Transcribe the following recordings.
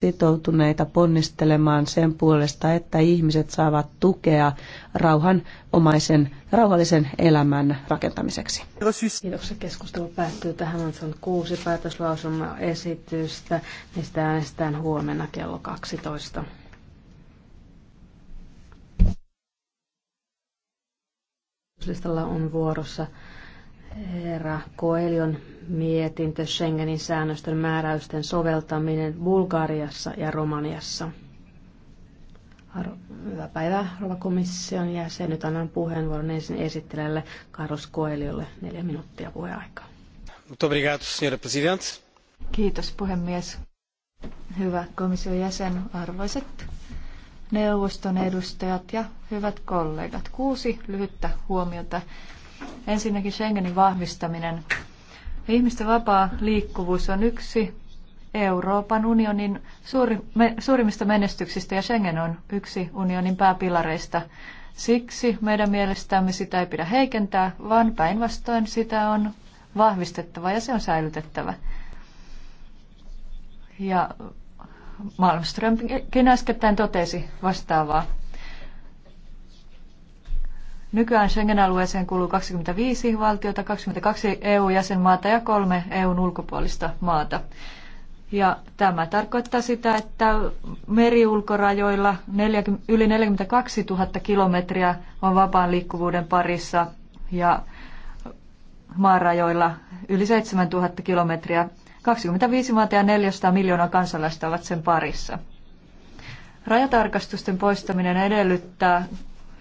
sitoutuneita ponnistelemaan sen puolesta, että ihmiset saavat tukea rauhanomaisen, rauhallisen elämän rakentamiseksi. Kiitoksia. Keskustelu päättyy tähän. On saanut kuusi päätöslausumaesitystä. Niistä äänestetään huomenna kello 12. Listalla on vuorossa Herra Koelion mietintö Schengenin säännösten määräysten soveltaminen Bulgariassa ja Romaniassa. Hyvää päivää, Rova komission jäsen. Nyt annan puheenvuoron ensin esittelijälle Karos Koeliolle. Neljä minuuttia puheaikaa. Kiitos puhemies. Hyvä komission jäsen, arvoiset neuvoston edustajat ja hyvät kollegat. Kuusi lyhyttä huomiota Ensinnäkin Schengenin vahvistaminen. Ihmisten vapaa liikkuvuus on yksi Euroopan unionin suuri, me, suurimmista menestyksistä ja Schengen on yksi unionin pääpilareista. Siksi meidän mielestämme sitä ei pidä heikentää, vaan päinvastoin sitä on vahvistettava ja se on säilytettävä. Ja Malmströmkin äskettäin totesi vastaavaa. Nykyään Schengen-alueeseen kuuluu 25 valtiota, 22 EU-jäsenmaata ja kolme EUn ulkopuolista maata. Ja tämä tarkoittaa sitä, että meriulkorajoilla 40, yli 42 000 kilometriä on vapaan liikkuvuuden parissa ja maarajoilla yli 7 000 kilometriä. 25 maata ja 400 miljoonaa kansalaista ovat sen parissa. Rajatarkastusten poistaminen edellyttää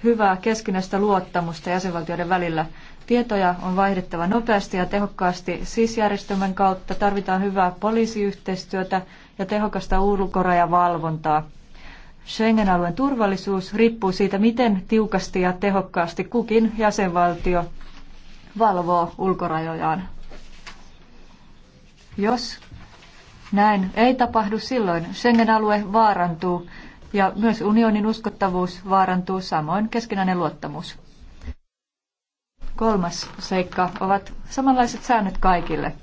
hyvää keskinäistä luottamusta jäsenvaltioiden välillä. Tietoja on vaihdettava nopeasti ja tehokkaasti sisjärjestelmän kautta. Tarvitaan hyvää poliisiyhteistyötä ja tehokasta ulkorajavalvontaa. Schengen-alueen turvallisuus riippuu siitä, miten tiukasti ja tehokkaasti kukin jäsenvaltio valvoo ulkorajojaan. Jos näin ei tapahdu silloin, Schengen-alue vaarantuu ja myös unionin uskottavuus vaarantuu, samoin keskinäinen luottamus. Kolmas seikka ovat samanlaiset säännöt kaikille.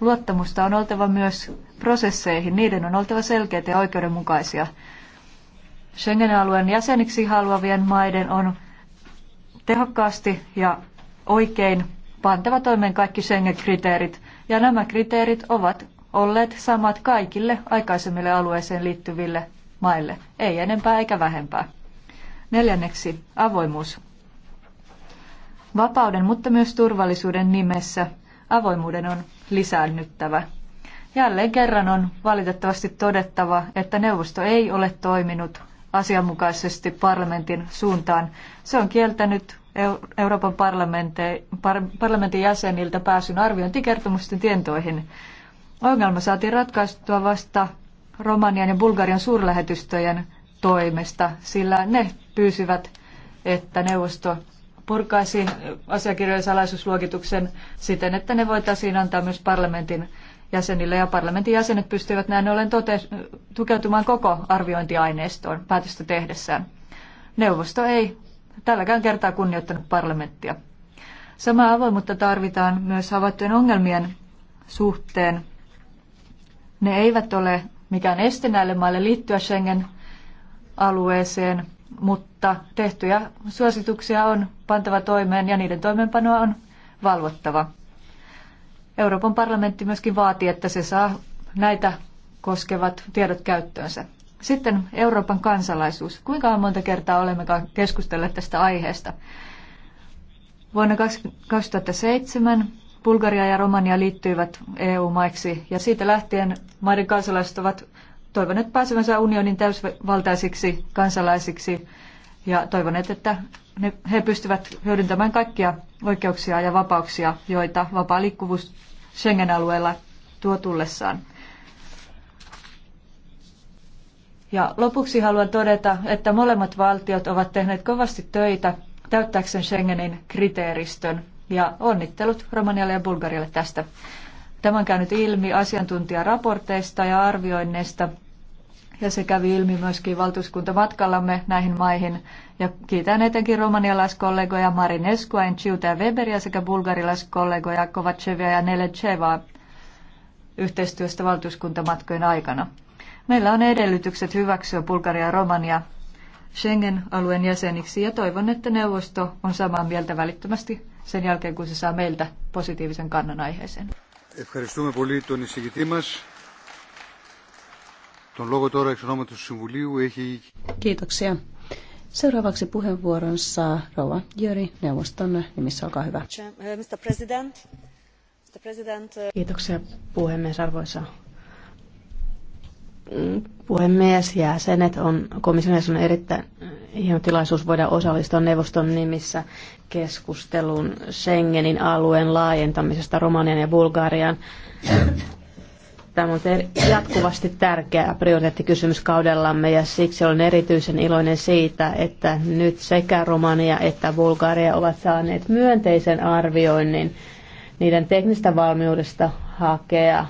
Luottamusta on oltava myös prosesseihin, niiden on oltava selkeitä ja oikeudenmukaisia. Schengen-alueen jäseniksi haluavien maiden on tehokkaasti ja oikein pantava toimeen kaikki Schengen-kriteerit, ja nämä kriteerit ovat olleet samat kaikille aikaisemmille alueeseen liittyville maille. Ei enempää eikä vähempää. Neljänneksi avoimuus. Vapauden, mutta myös turvallisuuden nimessä avoimuuden on lisäännyttävä. Jälleen kerran on valitettavasti todettava, että neuvosto ei ole toiminut asianmukaisesti parlamentin suuntaan. Se on kieltänyt Euroopan parlamentin jäseniltä pääsyn arviointikertomusten tietoihin. Ongelma saatiin ratkaistua vasta Romanian ja Bulgarian suurlähetystöjen toimesta, sillä ne pyysivät, että neuvosto purkaisi asiakirjojen salaisuusluokituksen siten, että ne voitaisiin antaa myös parlamentin jäsenille ja parlamentin jäsenet pystyivät näin ollen tote- tukeutumaan koko arviointiaineistoon päätöstä tehdessään. Neuvosto ei tälläkään kertaa kunnioittanut parlamenttia. Samaa avoimuutta tarvitaan myös havaittujen ongelmien suhteen. Ne eivät ole mikään este näille maille liittyä Schengen-alueeseen, mutta tehtyjä suosituksia on pantava toimeen ja niiden toimeenpanoa on valvottava. Euroopan parlamentti myöskin vaatii, että se saa näitä koskevat tiedot käyttöönsä. Sitten Euroopan kansalaisuus. Kuinka monta kertaa olemme keskustelleet tästä aiheesta? Vuonna 2007 Bulgaria ja Romania liittyivät EU-maiksi ja siitä lähtien maiden kansalaiset ovat toivoneet pääsevänsä unionin täysvaltaisiksi kansalaisiksi ja toivoneet, että ne, he pystyvät hyödyntämään kaikkia oikeuksia ja vapauksia, joita vapaa liikkuvuus Schengen-alueella tuo tullessaan. Ja lopuksi haluan todeta, että molemmat valtiot ovat tehneet kovasti töitä täyttääkseen Schengenin kriteeristön ja onnittelut Romanialle ja Bulgarialle tästä. Tämä on käynyt ilmi asiantuntijaraporteista ja arvioinneista, ja se kävi ilmi myöskin valtuuskuntamatkallamme näihin maihin. Ja kiitän etenkin romanialaiskollegoja Marineskua, Enciuta ja Weberia sekä bulgarilaiskollegoja Kovacevia ja Nelecevaa yhteistyöstä valtuuskuntamatkojen aikana. Meillä on edellytykset hyväksyä Bulgaria ja Romania Schengen-alueen jäseniksi ja toivon, että neuvosto on samaa mieltä välittömästi sen jälkeen, kun se saa meiltä positiivisen kannan aiheeseen. Ευχαριστούμε πολύ τον εισηγητή μας. Τον λόγο τώρα Συμβουλίου έχει... Kiitoksia. Seuraavaksi puheenvuoron saa Rova Jöri neuvoston nimissä. Olkaa hyvä. Eh- Kiitoksia puhemies arvoisa puhemies, jäsenet on, komission on erittäin äh, hieno tilaisuus voida osallistua neuvoston nimissä keskusteluun Schengenin alueen laajentamisesta Romanian ja Bulgarian. Tämä on jatkuvasti tärkeä prioriteettikysymys kaudellamme ja siksi olen erityisen iloinen siitä, että nyt sekä Romania että Bulgaria ovat saaneet myönteisen arvioinnin niiden teknistä valmiudesta hakea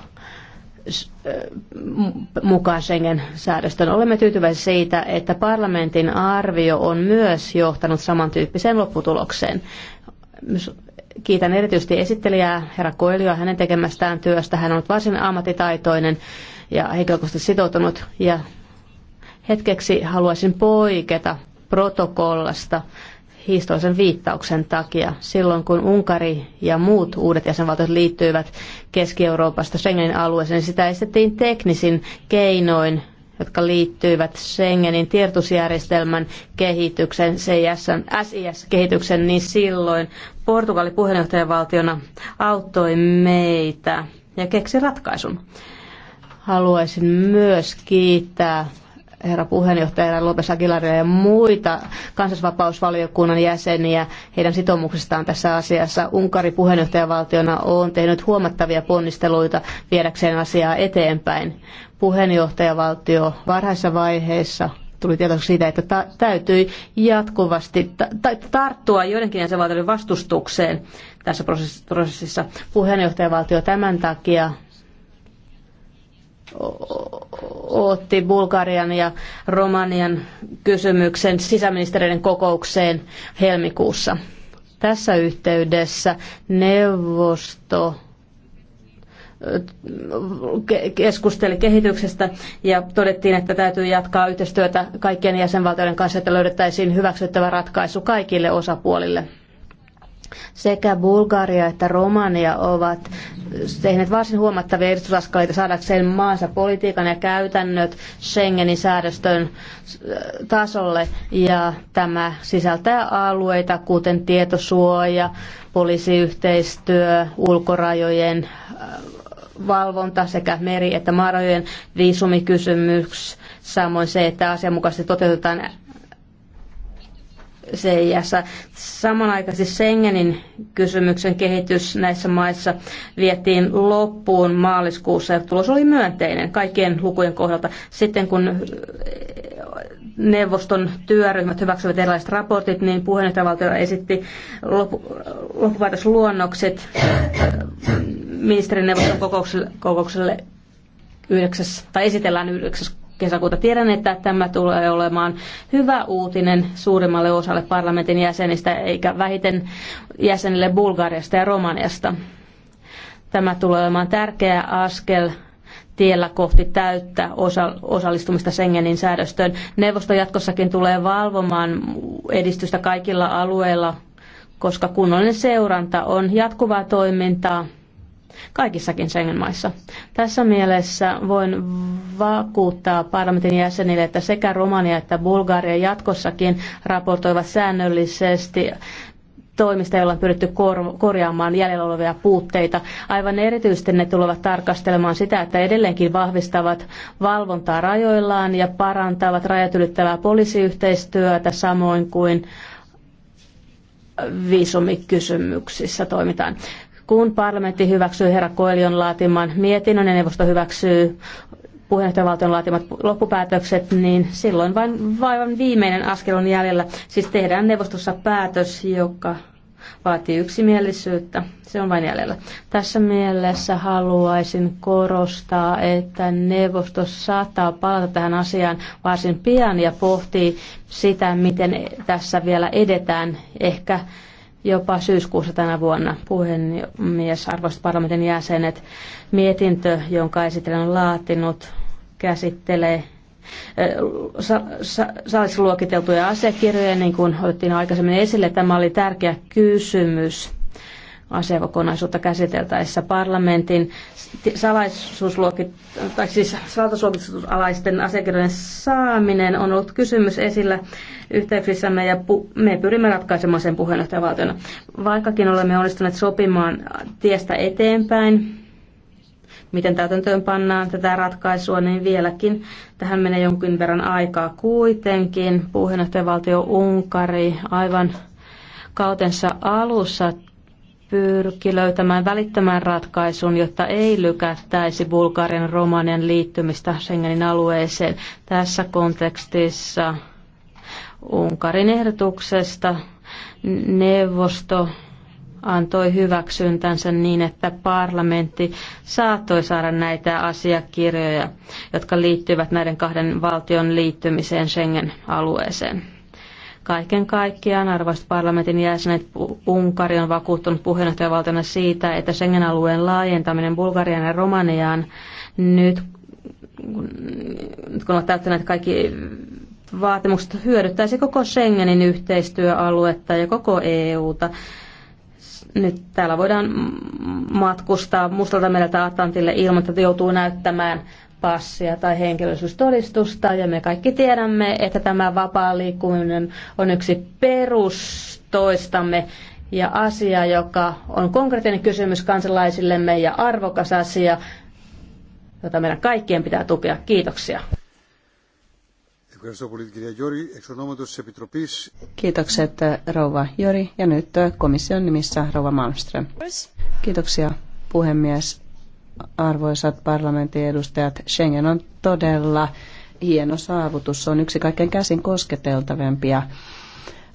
mukaan Schengen-säädöstön. Olemme tyytyväisiä siitä, että parlamentin arvio on myös johtanut samantyyppiseen lopputulokseen. Kiitän erityisesti esittelijää, herra Koelioa, hänen tekemästään työstä. Hän on ollut varsin ammattitaitoinen ja henkilökohtaisesti sitoutunut. Ja hetkeksi haluaisin poiketa protokollasta historiallisen viittauksen takia. Silloin kun Unkari ja muut uudet jäsenvaltiot liittyivät Keski-Euroopasta Schengenin alueeseen, niin sitä estettiin teknisin keinoin, jotka liittyivät Schengenin tiedotusjärjestelmän kehityksen, SIS-kehityksen, niin silloin Portugali puheenjohtajavaltiona auttoi meitä ja keksi ratkaisun. Haluaisin myös kiittää herra puheenjohtaja Lopes Aguilaria ja muita kansallisvapausvaliokunnan jäseniä heidän sitoumuksestaan tässä asiassa. Unkari puheenjohtajavaltiona on tehnyt huomattavia ponnisteluita viedäkseen asiaa eteenpäin. Puheenjohtajavaltio varhaisessa vaiheessa tuli tietoiseksi siitä, että ta- täytyi jatkuvasti ta- tarttua joidenkin jäsenvaltioiden vastustukseen tässä prosessissa. Puheenjohtajavaltio tämän takia otti Bulgarian ja Romanian kysymyksen sisäministeriöiden kokoukseen helmikuussa. Tässä yhteydessä neuvosto keskusteli kehityksestä ja todettiin, että täytyy jatkaa yhteistyötä kaikkien jäsenvaltioiden kanssa, että löydettäisiin hyväksyttävä ratkaisu kaikille osapuolille. Sekä Bulgaria että Romania ovat tehneet varsin huomattavia edistysaskeleita saadakseen maansa politiikan ja käytännöt Schengenin säädöstön äh, tasolle. Ja tämä sisältää alueita, kuten tietosuoja, poliisiyhteistyö, ulkorajojen äh, valvonta sekä meri- että maarajojen viisumikysymys, samoin se, että asianmukaisesti toteutetaan CIS. Samanaikaisesti Schengenin kysymyksen kehitys näissä maissa vietiin loppuun maaliskuussa ja tulos oli myönteinen kaikkien lukujen kohdalta. Sitten kun eh, neuvoston työryhmät hyväksyivät erilaiset raportit, niin puheenjohtajavaltio esitti luonnokset eh, ministerineuvoston kokoukselle, kokoukselle 9, tai esitellään 9 kesäkuuta. Tiedän, että tämä tulee olemaan hyvä uutinen suurimmalle osalle parlamentin jäsenistä, eikä vähiten jäsenille Bulgariasta ja Romaniasta. Tämä tulee olemaan tärkeä askel tiellä kohti täyttä osa- osallistumista Schengenin säädöstöön. Neuvosto jatkossakin tulee valvomaan edistystä kaikilla alueilla, koska kunnollinen seuranta on jatkuvaa toimintaa kaikissakin Schengen-maissa. Tässä mielessä voin vakuuttaa parlamentin jäsenille, että sekä Romania että Bulgaria jatkossakin raportoivat säännöllisesti toimista, joilla on pyritty kor- korjaamaan jäljellä olevia puutteita. Aivan erityisesti ne tulevat tarkastelemaan sitä, että edelleenkin vahvistavat valvontaa rajoillaan ja parantavat rajat ylittävää poliisiyhteistyötä samoin kuin viisumikysymyksissä toimitaan. Kun parlamentti hyväksyy herra Koelion laatiman mietinnön ja neuvosto hyväksyy puheenjohtajavaltion laatimat loppupäätökset, niin silloin vain vaivan viimeinen askel on jäljellä. Siis tehdään neuvostossa päätös, joka vaatii yksimielisyyttä. Se on vain jäljellä. Tässä mielessä haluaisin korostaa, että neuvosto saattaa palata tähän asiaan varsin pian ja pohtii sitä, miten tässä vielä edetään. Ehkä jopa syyskuussa tänä vuonna. Puhemies, arvoisat parlamentin jäsenet, mietintö, jonka esittelen on laatinut, käsittelee sa- sa- salissa luokiteltuja asiakirjoja, niin kuin otettiin aikaisemmin esille. Tämä oli tärkeä kysymys asiakokonaisuutta käsiteltäessä parlamentin salaisuusluokit, tai siis asiakirjojen saaminen on ollut kysymys esillä yhteyksissämme ja me pyrimme ratkaisemaan sen puheenjohtajavaltiona. Vaikkakin olemme onnistuneet sopimaan tiestä eteenpäin, miten täytäntöön pannaan tätä ratkaisua, niin vieläkin tähän menee jonkin verran aikaa kuitenkin. Puheenjohtajavaltio Unkari aivan kautensa alussa pyrki löytämään välittömän ratkaisun, jotta ei lykättäisi Bulgarian ja Romanian liittymistä Schengenin alueeseen. Tässä kontekstissa Unkarin ehdotuksesta neuvosto antoi hyväksyntänsä niin, että parlamentti saattoi saada näitä asiakirjoja, jotka liittyvät näiden kahden valtion liittymiseen Schengen-alueeseen. Kaiken kaikkiaan arvoisat parlamentin jäsenet, Unkari on vakuuttunut puheenjohtajavaltiona siitä, että Schengen-alueen laajentaminen Bulgarian ja Romaniaan nyt kun ovat täyttäneet kaikki vaatimukset, hyödyttäisi koko Schengenin yhteistyöaluetta ja koko EUta nyt täällä voidaan matkustaa mustalta mereltä Atlantille ilman, että joutuu näyttämään passia tai henkilöllisyystodistusta, ja me kaikki tiedämme, että tämä vapaa liikkuminen on yksi perustoistamme ja asia, joka on konkreettinen kysymys kansalaisillemme ja arvokas asia, jota meidän kaikkien pitää tukea. Kiitoksia. Kiitokset rouva Jori ja nyt komission nimissä rouva Malmström. Kiitoksia puhemies arvoisat parlamentin edustajat, Schengen on todella hieno saavutus. Se on yksi kaikkein käsin kosketeltavimpia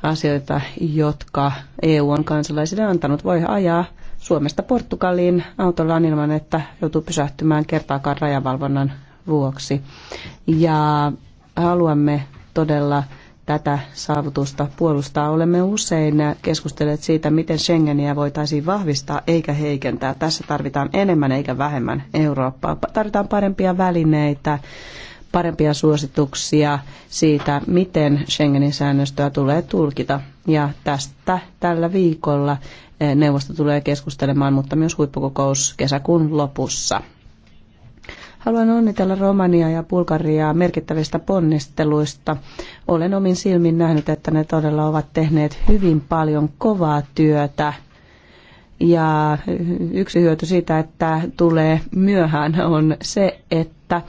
asioita, jotka EU on kansalaisille antanut. Voi ajaa Suomesta Portugaliin autollaan ilman, että joutuu pysähtymään kertaakaan rajavalvonnan vuoksi. Ja haluamme todella tätä saavutusta puolustaa. Olemme usein keskustelleet siitä, miten Schengeniä voitaisiin vahvistaa eikä heikentää. Tässä tarvitaan enemmän eikä vähemmän Eurooppaa. Tarvitaan parempia välineitä, parempia suosituksia siitä, miten Schengenin säännöstöä tulee tulkita. Ja tästä tällä viikolla eh, neuvosto tulee keskustelemaan, mutta myös huippukokous kesäkuun lopussa. Haluan onnitella Romania ja Bulgariaa merkittävistä ponnisteluista. Olen omin silmin nähnyt, että ne todella ovat tehneet hyvin paljon kovaa työtä. Ja yksi hyöty siitä, että tulee myöhään, on se, että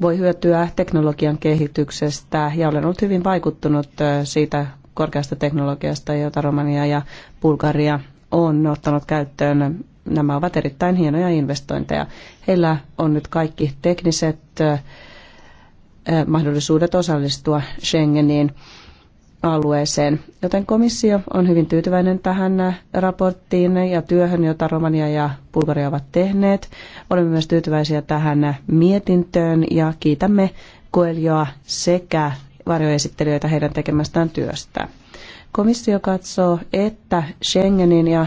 voi hyötyä teknologian kehityksestä. Ja olen ollut hyvin vaikuttunut siitä korkeasta teknologiasta, jota Romania ja Bulgaria on ottanut käyttöön nämä ovat erittäin hienoja investointeja. Heillä on nyt kaikki tekniset mahdollisuudet osallistua Schengeniin alueeseen. Joten komissio on hyvin tyytyväinen tähän raporttiin ja työhön, jota Romania ja Bulgaria ovat tehneet. Olemme myös tyytyväisiä tähän mietintöön ja kiitämme Koelioa sekä varjoesittelijöitä heidän tekemästään työstä. Komissio katsoo, että Schengenin ja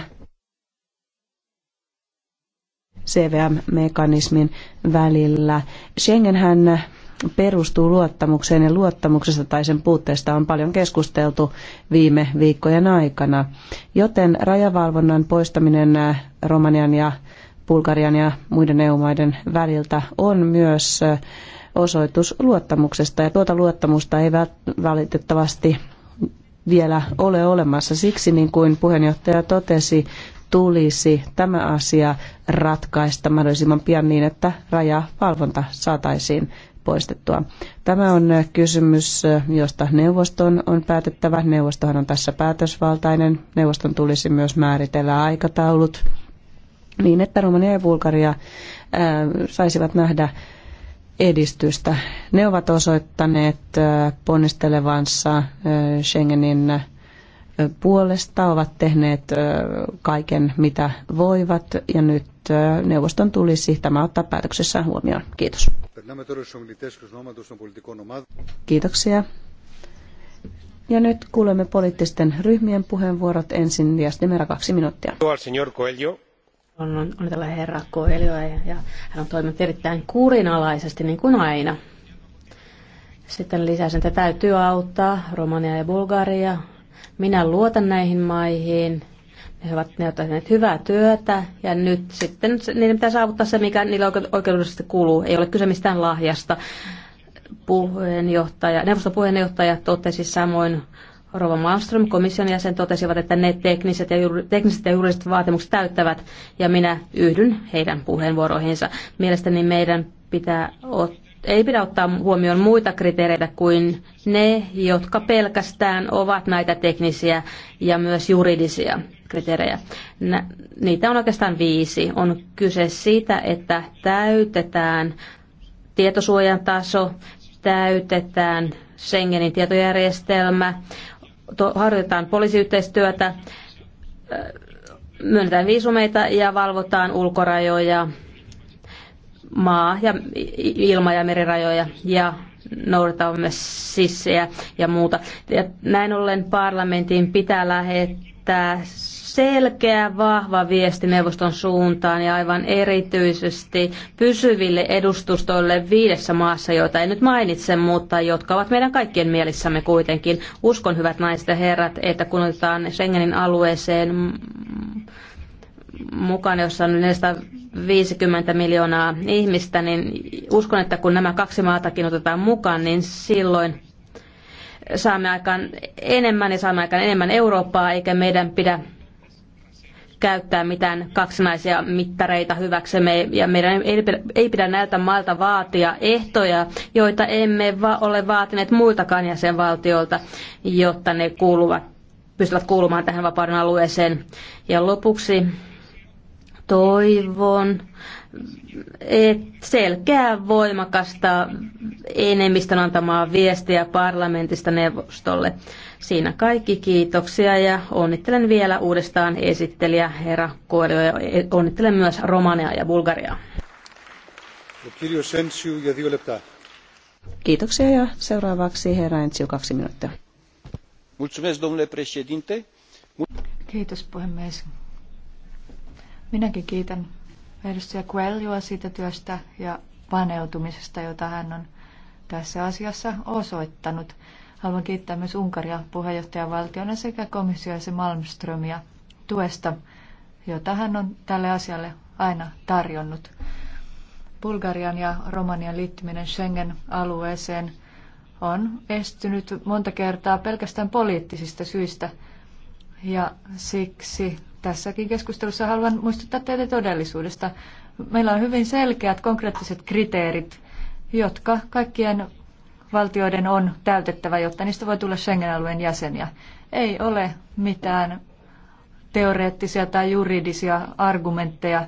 CVM-mekanismin välillä. Schengenhän perustuu luottamukseen ja luottamuksesta tai sen puutteesta on paljon keskusteltu viime viikkojen aikana. Joten rajavalvonnan poistaminen Romanian ja Bulgarian ja muiden EU-maiden väliltä on myös osoitus luottamuksesta ja tuota luottamusta ei valitettavasti vielä ole olemassa. Siksi, niin kuin puheenjohtaja totesi, tulisi tämä asia ratkaista mahdollisimman pian niin, että rajavalvonta saataisiin poistettua. Tämä on kysymys, josta neuvoston on päätettävä. Neuvostohan on tässä päätösvaltainen. Neuvoston tulisi myös määritellä aikataulut niin, että Romania ja Bulgaria ää, saisivat nähdä edistystä. Ne ovat osoittaneet ponnistelevansa Schengenin puolesta, ovat tehneet kaiken mitä voivat ja nyt neuvoston tulisi tämä ottaa päätöksessään huomioon. Kiitos. Kiitoksia. Ja nyt kuulemme poliittisten ryhmien puheenvuorot. Ensin Diastimera kaksi minuuttia. On, on, on tällä herra Coelhoa ja, ja hän on toiminut erittäin kurinalaisesti niin kuin aina. Sitten lisäsen, että täytyy auttaa Romania ja Bulgaria minä luotan näihin maihin. Ne ovat, ne ovat tehneet hyvää työtä ja nyt sitten niiden pitää saavuttaa se, mikä niille oikeudellisesti kuuluu. Ei ole kyse mistään lahjasta. Puheenjohtaja, neuvoston puheenjohtaja totesi samoin Rova Malmström, komission jäsen, totesivat, että ne tekniset ja, juuri, tekniset ja juridiset vaatimukset täyttävät, ja minä yhdyn heidän puheenvuoroihinsa. Mielestäni meidän pitää ottaa ei pidä ottaa huomioon muita kriteereitä kuin ne, jotka pelkästään ovat näitä teknisiä ja myös juridisia kriteerejä. niitä on oikeastaan viisi. On kyse siitä, että täytetään tietosuojan taso, täytetään Schengenin tietojärjestelmä, harjoitetaan poliisiyhteistyötä, myönnetään viisumeita ja valvotaan ulkorajoja maa- ja ilma- ja merirajoja ja noudatetaan myös sissejä ja muuta. Ja näin ollen parlamentin pitää lähettää selkeä, vahva viesti neuvoston suuntaan ja aivan erityisesti pysyville edustustoille viidessä maassa, joita ei nyt mainitse, mutta jotka ovat meidän kaikkien mielissämme kuitenkin. Uskon, hyvät naiset ja herrat, että kun otetaan Schengenin alueeseen mukaan, jossa on 400 50 miljoonaa ihmistä, niin uskon, että kun nämä kaksi maatakin otetaan mukaan, niin silloin saamme aikaan enemmän ja saamme aikaan enemmän Eurooppaa, eikä meidän pidä käyttää mitään kaksinaisia mittareita hyväksemme ja meidän ei pidä näiltä mailta vaatia ehtoja, joita emme va- ole vaatineet muiltakaan jäsenvaltioilta, jotta ne kuuluvat, pystyvät kuulumaan tähän vapauden alueeseen. Ja lopuksi toivon et selkeää voimakasta enemmistön antamaa viestiä parlamentista neuvostolle. Siinä kaikki kiitoksia ja onnittelen vielä uudestaan esittelijä herra Koelio ja onnittelen myös Romania ja Bulgariaa. Kiitoksia ja seuraavaksi herra Entsiu kaksi minuuttia. Kiitos puhemies. Minäkin kiitän edustaja Coelhoa siitä työstä ja paneutumisesta, jota hän on tässä asiassa osoittanut. Haluan kiittää myös Unkaria puheenjohtajavaltiona sekä komissio ja se Malmströmiä tuesta, jota hän on tälle asialle aina tarjonnut. Bulgarian ja Romanian liittyminen Schengen-alueeseen on estynyt monta kertaa pelkästään poliittisista syistä, ja siksi tässäkin keskustelussa haluan muistuttaa teitä todellisuudesta. Meillä on hyvin selkeät konkreettiset kriteerit, jotka kaikkien valtioiden on täytettävä, jotta niistä voi tulla Schengen-alueen jäseniä. Ei ole mitään teoreettisia tai juridisia argumentteja,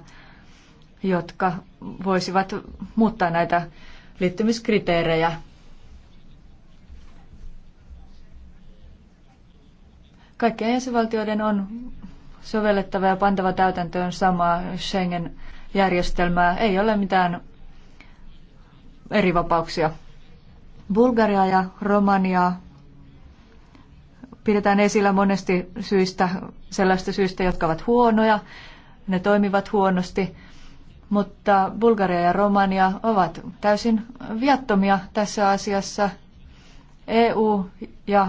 jotka voisivat muuttaa näitä liittymiskriteerejä. Kaikkien jäsenvaltioiden on sovellettava ja pantava täytäntöön samaa Schengen-järjestelmää. Ei ole mitään eri vapauksia. Bulgaria ja Romania pidetään esillä monesti syistä, sellaista syistä, jotka ovat huonoja, ne toimivat huonosti, mutta Bulgaria ja Romania ovat täysin viattomia tässä asiassa. EU ja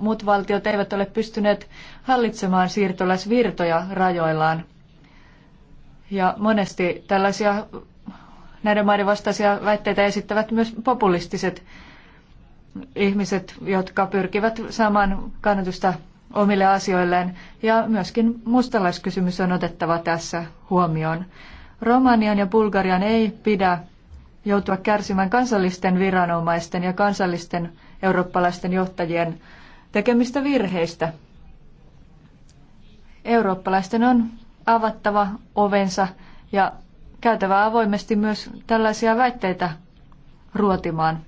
muut valtiot eivät ole pystyneet hallitsemaan siirtolaisvirtoja rajoillaan. Ja monesti tällaisia näiden maiden vastaisia väitteitä esittävät myös populistiset ihmiset, jotka pyrkivät saamaan kannatusta omille asioilleen. Ja myöskin mustalaiskysymys on otettava tässä huomioon. Romanian ja Bulgarian ei pidä joutua kärsimään kansallisten viranomaisten ja kansallisten eurooppalaisten johtajien tekemistä virheistä. Eurooppalaisten on avattava ovensa ja käytävä avoimesti myös tällaisia väitteitä ruotimaan.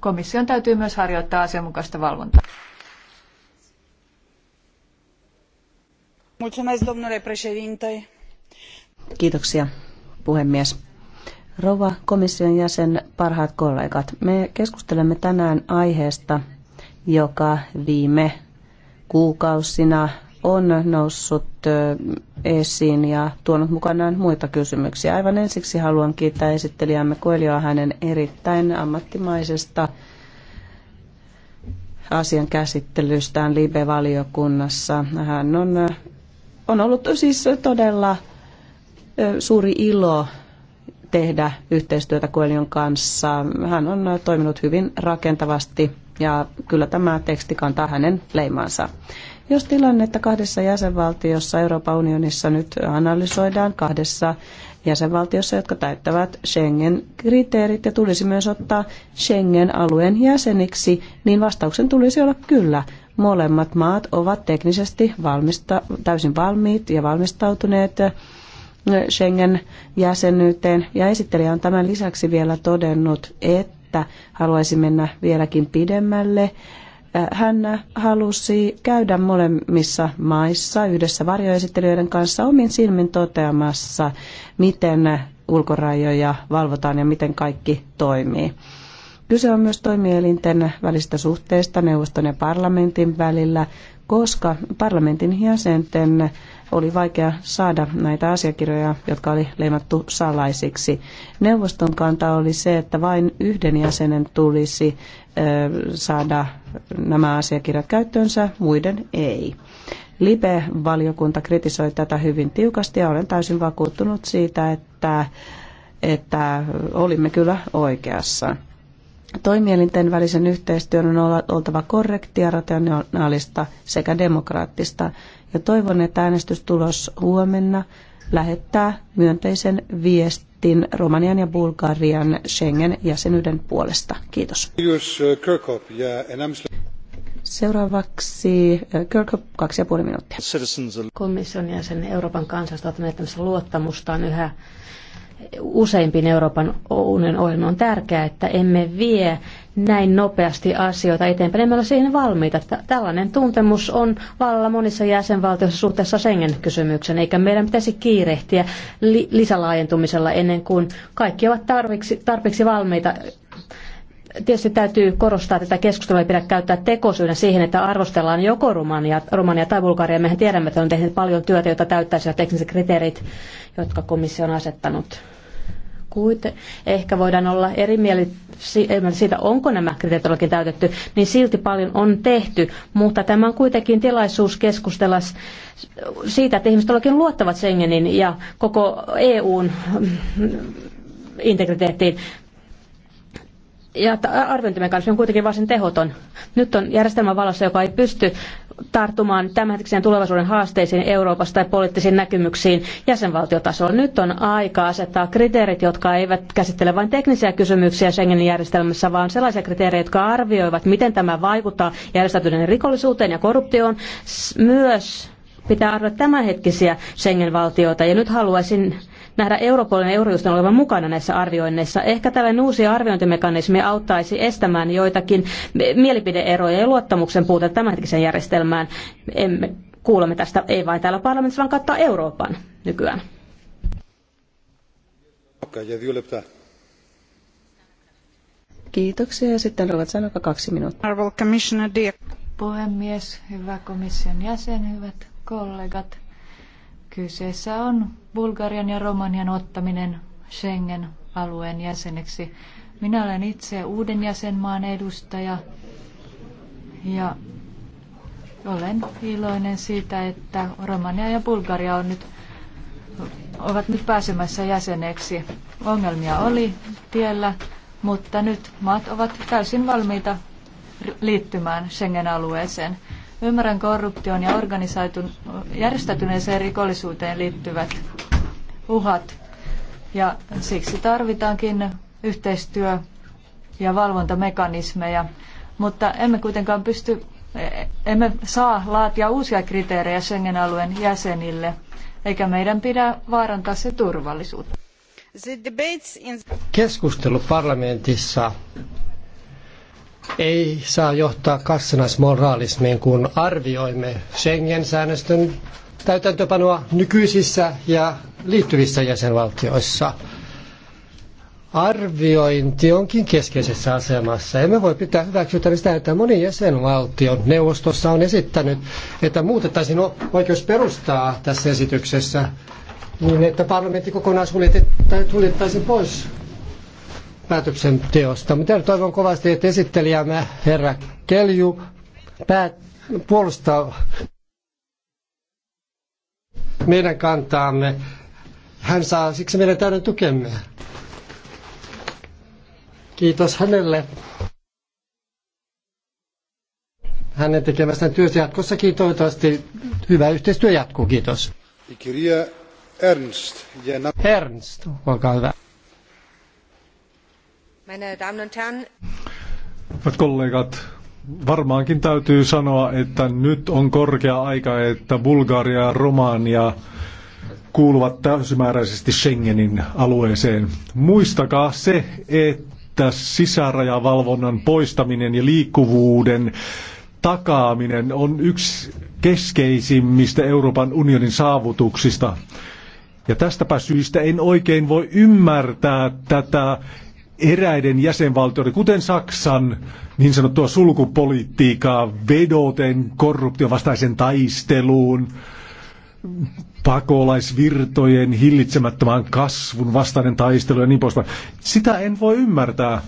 Komission täytyy myös harjoittaa asianmukaista valvontaa. Kiitoksia, puhemies Rova komission jäsen, parhaat kollegat, me keskustelemme tänään aiheesta, joka viime kuukausina on noussut esiin ja tuonut mukanaan muita kysymyksiä. Aivan ensiksi haluan kiittää esittelijämme Koelioa hänen erittäin ammattimaisesta asian käsittelystään Libe-valiokunnassa. Hän on, on ollut siis todella suuri ilo tehdä yhteistyötä Koelion kanssa. Hän on toiminut hyvin rakentavasti ja kyllä tämä teksti kantaa hänen leimansa. Jos tilannetta kahdessa jäsenvaltiossa Euroopan unionissa nyt analysoidaan kahdessa jäsenvaltiossa, jotka täyttävät Schengen-kriteerit ja tulisi myös ottaa Schengen-alueen jäseniksi, niin vastauksen tulisi olla kyllä. Molemmat maat ovat teknisesti valmista, täysin valmiit ja valmistautuneet Schengen-jäsenyyteen. Ja esittelijä on tämän lisäksi vielä todennut, että haluaisi mennä vieläkin pidemmälle. Äh, hän halusi käydä molemmissa maissa yhdessä varjoesittelijöiden kanssa omin silmin toteamassa, miten ulkorajoja valvotaan ja miten kaikki toimii. Kyse on myös toimielinten välistä suhteesta neuvoston ja parlamentin välillä, koska parlamentin jäsenten oli vaikea saada näitä asiakirjoja, jotka oli leimattu salaisiksi. Neuvoston kanta oli se, että vain yhden jäsenen tulisi saada nämä asiakirjat käyttöönsä, muiden ei. Libe-valiokunta kritisoi tätä hyvin tiukasti ja olen täysin vakuuttunut siitä, että, että olimme kyllä oikeassa. Toimielinten välisen yhteistyön on oltava korrektia, rationaalista sekä demokraattista. Ja toivon, että äänestystulos huomenna lähettää myönteisen viestin Romanian ja Bulgarian Schengen-jäsenyyden puolesta. Kiitos. Eh, Seuraavaksi eh, Kirkhoff, kaksi ja puoli minuuttia. Komission ja sen Euroopan kansalaiset ovat menettämässä luottamustaan yhä useimpiin Euroopan unionin ohjelmiin. On tärkeää, että emme vie näin nopeasti asioita eteenpäin. Emme ole siihen valmiita. Tällainen tuntemus on vallalla monissa jäsenvaltioissa suhteessa Schengen-kysymykseen, eikä meidän pitäisi kiirehtiä li- lisälaajentumisella ennen kuin kaikki ovat tarpeeksi, tarpeeksi valmiita tietysti täytyy korostaa, että tätä keskustelua ei pidä käyttää tekosyynä siihen, että arvostellaan joko Rumania, Rumania tai Bulgaria. Mehän tiedämme, että on tehnyt paljon työtä, jota täyttäisivät tekniset kriteerit, jotka komissio on asettanut kuite, ehkä voidaan olla eri mieltä siitä, onko nämä kriteerit todellakin täytetty, niin silti paljon on tehty. Mutta tämä on kuitenkin tilaisuus keskustella siitä, että ihmiset todellakin luottavat Schengenin ja koko EUn mm, integriteettiin ja arviointimekanismi on kuitenkin varsin tehoton. Nyt on järjestelmä valossa, joka ei pysty tarttumaan tämänhetkiseen tulevaisuuden haasteisiin Euroopassa tai poliittisiin näkymyksiin jäsenvaltiotasolla. Nyt on aika asettaa kriteerit, jotka eivät käsittele vain teknisiä kysymyksiä Schengenin järjestelmässä, vaan sellaisia kriteerejä, jotka arvioivat, miten tämä vaikuttaa järjestäytyneen rikollisuuteen ja korruptioon. Myös pitää arvioida tämänhetkisiä Schengen-valtioita. Ja nyt haluaisin nähdä Europolin ja Eurojustin olevan mukana näissä arvioinneissa. Ehkä tällainen uusi arviointimekanismi auttaisi estämään joitakin mielipideeroja ja luottamuksen puutetta tämänhetkiseen järjestelmään. Emme, kuulemme tästä ei vain täällä parlamentissa, vaan kattaa Euroopan nykyään. Kiitoksia ja sitten ruvat sanoa kaksi minuuttia. Arvoisa Commissioner Puhemies, hyvä komission jäsen, hyvät kollegat. Kyseessä on Bulgarian ja Romanian ottaminen Schengen-alueen jäseneksi. Minä olen itse uuden jäsenmaan edustaja ja olen iloinen siitä, että Romania ja Bulgaria on nyt, ovat nyt pääsemässä jäseneksi. Ongelmia oli tiellä, mutta nyt maat ovat täysin valmiita liittymään Schengen-alueeseen. Ymmärrän korruptioon ja järjestäytyneeseen rikollisuuteen liittyvät uhat. Ja siksi tarvitaankin yhteistyö- ja valvontamekanismeja, mutta emme kuitenkaan pysty, e- emme saa laatia uusia kriteerejä Schengen-alueen jäsenille, eikä meidän pidä vaarantaa se turvallisuutta. Keskustelu parlamentissa ei saa johtaa kassanaismoraalismiin, kun arvioimme Schengen-säännöstön täytäntöpanoa nykyisissä ja liittyvissä jäsenvaltioissa. Arviointi onkin keskeisessä asemassa. Emme voi pitää hyväksytä sitä, että moni jäsenvaltio neuvostossa on esittänyt, että muutettaisiin oikeus perustaa tässä esityksessä niin, että parlamentti kokonaan suljettaisiin pois päätöksenteosta. Mutta toivon kovasti, että esittelijämme herra Kelju päät- puolustaa meidän kantaamme. Hän saa siksi meidän täyden tukemme. Kiitos hänelle hänen tekemästään työstä jatkossakin. Toivottavasti hyvä yhteistyö jatkuu. Kiitos. Ernst, olkaa hyvä. Meine Damen und Herren. Hyvät kollegat, varmaankin täytyy sanoa, että nyt on korkea aika, että Bulgaria ja Romania kuuluvat täysimääräisesti Schengenin alueeseen. Muistakaa se, että sisärajavalvonnan poistaminen ja liikkuvuuden takaaminen on yksi keskeisimmistä Euroopan unionin saavutuksista. Ja tästäpä syystä en oikein voi ymmärtää tätä eräiden jäsenvaltioiden, kuten Saksan niin sanottua sulkupolitiikkaa vedoten korruption taisteluun, pakolaisvirtojen hillitsemättömän kasvun vastainen taistelu ja niin poispäin. Sitä en voi ymmärtää.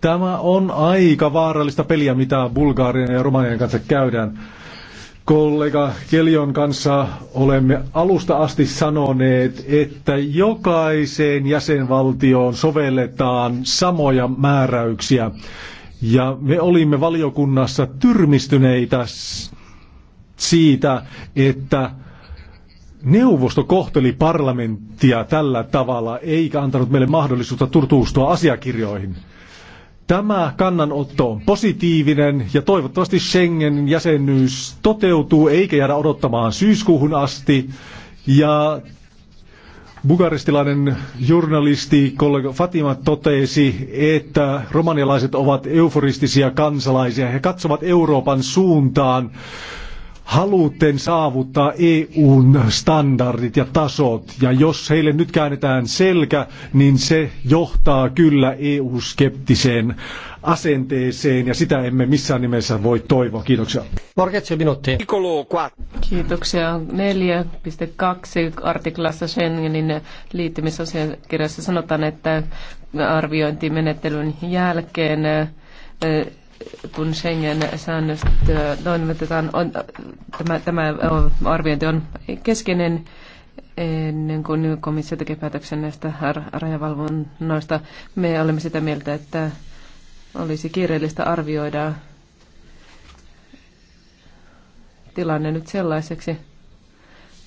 Tämä on aika vaarallista peliä, mitä Bulgarian ja Romanian kanssa käydään kollega Kelion kanssa olemme alusta asti sanoneet, että jokaiseen jäsenvaltioon sovelletaan samoja määräyksiä. Ja me olimme valiokunnassa tyrmistyneitä siitä, että neuvosto kohteli parlamenttia tällä tavalla, eikä antanut meille mahdollisuutta tutustua asiakirjoihin. Tämä kannanotto on positiivinen ja toivottavasti Schengen jäsenyys toteutuu eikä jäädä odottamaan syyskuuhun asti. Ja Bugaristilainen journalisti kollega Fatima totesi, että romanialaiset ovat euforistisia kansalaisia. He katsovat Euroopan suuntaan haluten saavuttaa EUn standardit ja tasot. Ja jos heille nyt käännetään selkä, niin se johtaa kyllä EU-skeptiseen asenteeseen ja sitä emme missään nimessä voi toivoa. Kiitoksia. Morgetsio minuutti. Kiitoksia. 4.2 artiklassa Schengenin liittymisasiakirjassa sanotaan, että arviointimenettelyn jälkeen kun Schengen-säännöstöä toimitetaan, on, tämä, tämä arviointi on keskeinen ennen kuin komissio tekee päätöksen näistä rajavalvonnoista. Me olemme sitä mieltä, että olisi kiireellistä arvioida tilanne nyt sellaiseksi,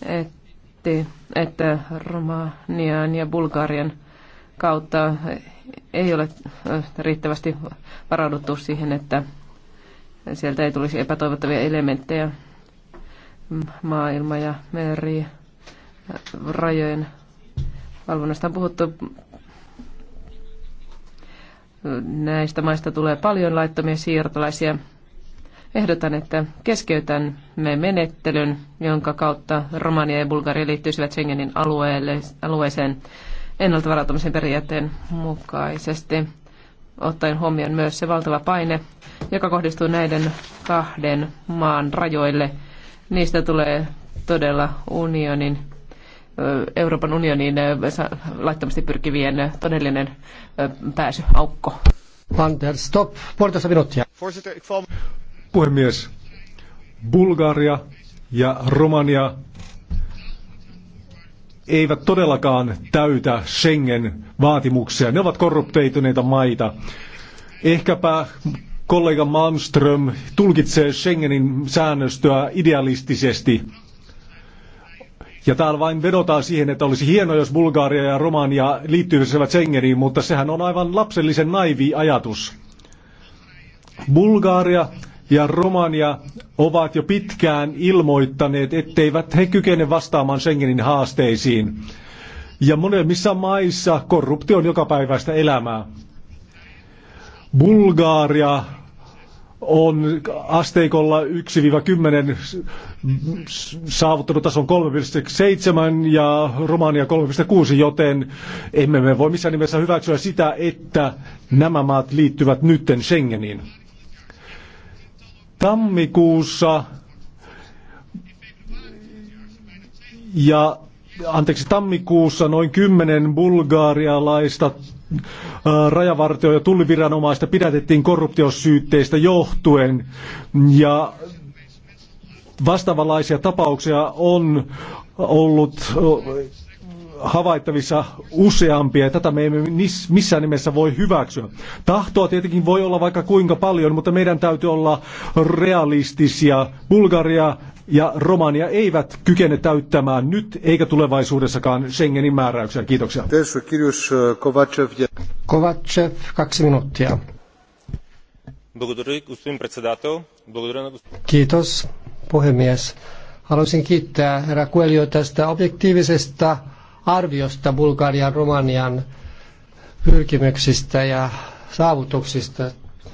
että, että Romanian ja Bulgarian kautta ei ole äh, riittävästi varauduttu siihen, että sieltä ei tulisi epätoivottavia elementtejä. Maailma ja meri, äh, rajojen valvonnasta on puhuttu. Näistä maista tulee paljon laittomia siirtolaisia. Ehdotan, että keskeytämme menettelyn, jonka kautta Romania ja Bulgaria liittyisivät Schengenin alueelle, alueeseen ennalta varautumisen periaatteen mukaisesti, ottaen huomioon myös se valtava paine, joka kohdistuu näiden kahden maan rajoille. Niistä tulee todella unionin Euroopan unionin laittomasti pyrkivien todellinen pääsyaukko. Van Stop, puolitoista minuuttia. Puhemies, Bulgaria ja Romania eivät todellakaan täytä Schengen-vaatimuksia. Ne ovat korrupteituneita maita. Ehkäpä kollega Malmström tulkitsee Schengenin säännöstöä idealistisesti. Ja täällä vain vedotaan siihen, että olisi hienoa, jos Bulgaria ja Romania liittyisivät Schengeniin, mutta sehän on aivan lapsellisen naivi ajatus. Bulgaria ja Romania ovat jo pitkään ilmoittaneet, etteivät he kykene vastaamaan Schengenin haasteisiin. Ja monemmissa maissa korruptio on jokapäiväistä elämää. Bulgaaria on asteikolla 1-10 saavuttanut tason 3,7 ja Romania 3,6, joten emme me voi missään nimessä hyväksyä sitä, että nämä maat liittyvät nytten Schengeniin. Tammikuussa ja anteeksi, tammikuussa noin kymmenen bulgaarialaista äh, rajavartio- ja tulliviranomaista pidätettiin korruptiosyytteistä johtuen. Ja vastaavanlaisia tapauksia on ollut äh, havaittavissa useampia, ja tätä me emme missään nimessä voi hyväksyä. Tahtoa tietenkin voi olla vaikka kuinka paljon, mutta meidän täytyy olla realistisia. Bulgaria ja Romania eivät kykene täyttämään nyt eikä tulevaisuudessakaan Schengenin määräyksiä. Kiitoksia. Kovacev, kaksi minuuttia. Kiitos, puhemies. Haluaisin kiittää herra Kuelio tästä objektiivisesta arviosta Bulgarian, Romanian pyrkimyksistä ja saavutuksista.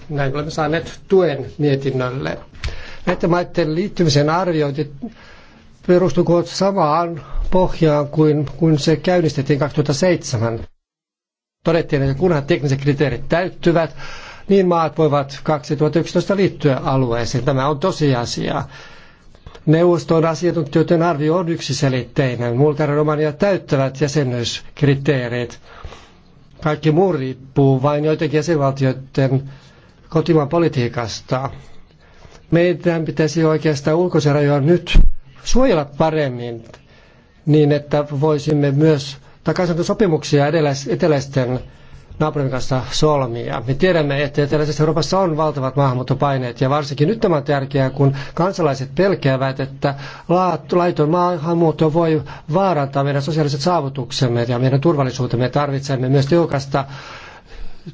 Näin olemme saaneet tuen mietinnölle. Näiden maiden liittymisen arviointi perustuu samaan pohjaan kuin kun se käynnistettiin 2007. Todettiin, että kunhan tekniset kriteerit täyttyvät, niin maat voivat 2011 liittyä alueeseen. Tämä on tosiasia. Neuvoston asiantuntijoiden arvio on yksiselitteinen. Bulgarian ja Romania täyttävät jäsenyyskriteerit. Kaikki muu riippuu vain joidenkin jäsenvaltioiden kotimaan politiikasta. Meidän pitäisi oikeastaan ulkoisen rajoja nyt suojella paremmin niin, että voisimme myös takaisintosopimuksia eteläisten naapurin kanssa solmia. Me tiedämme, että eteläisessä Euroopassa on valtavat maahanmuuttopaineet ja varsinkin nyt tämä on tärkeää, kun kansalaiset pelkäävät, että laiton maahanmuutto voi vaarantaa meidän sosiaaliset saavutuksemme ja meidän turvallisuutemme. Tarvitsemme myös tehokasta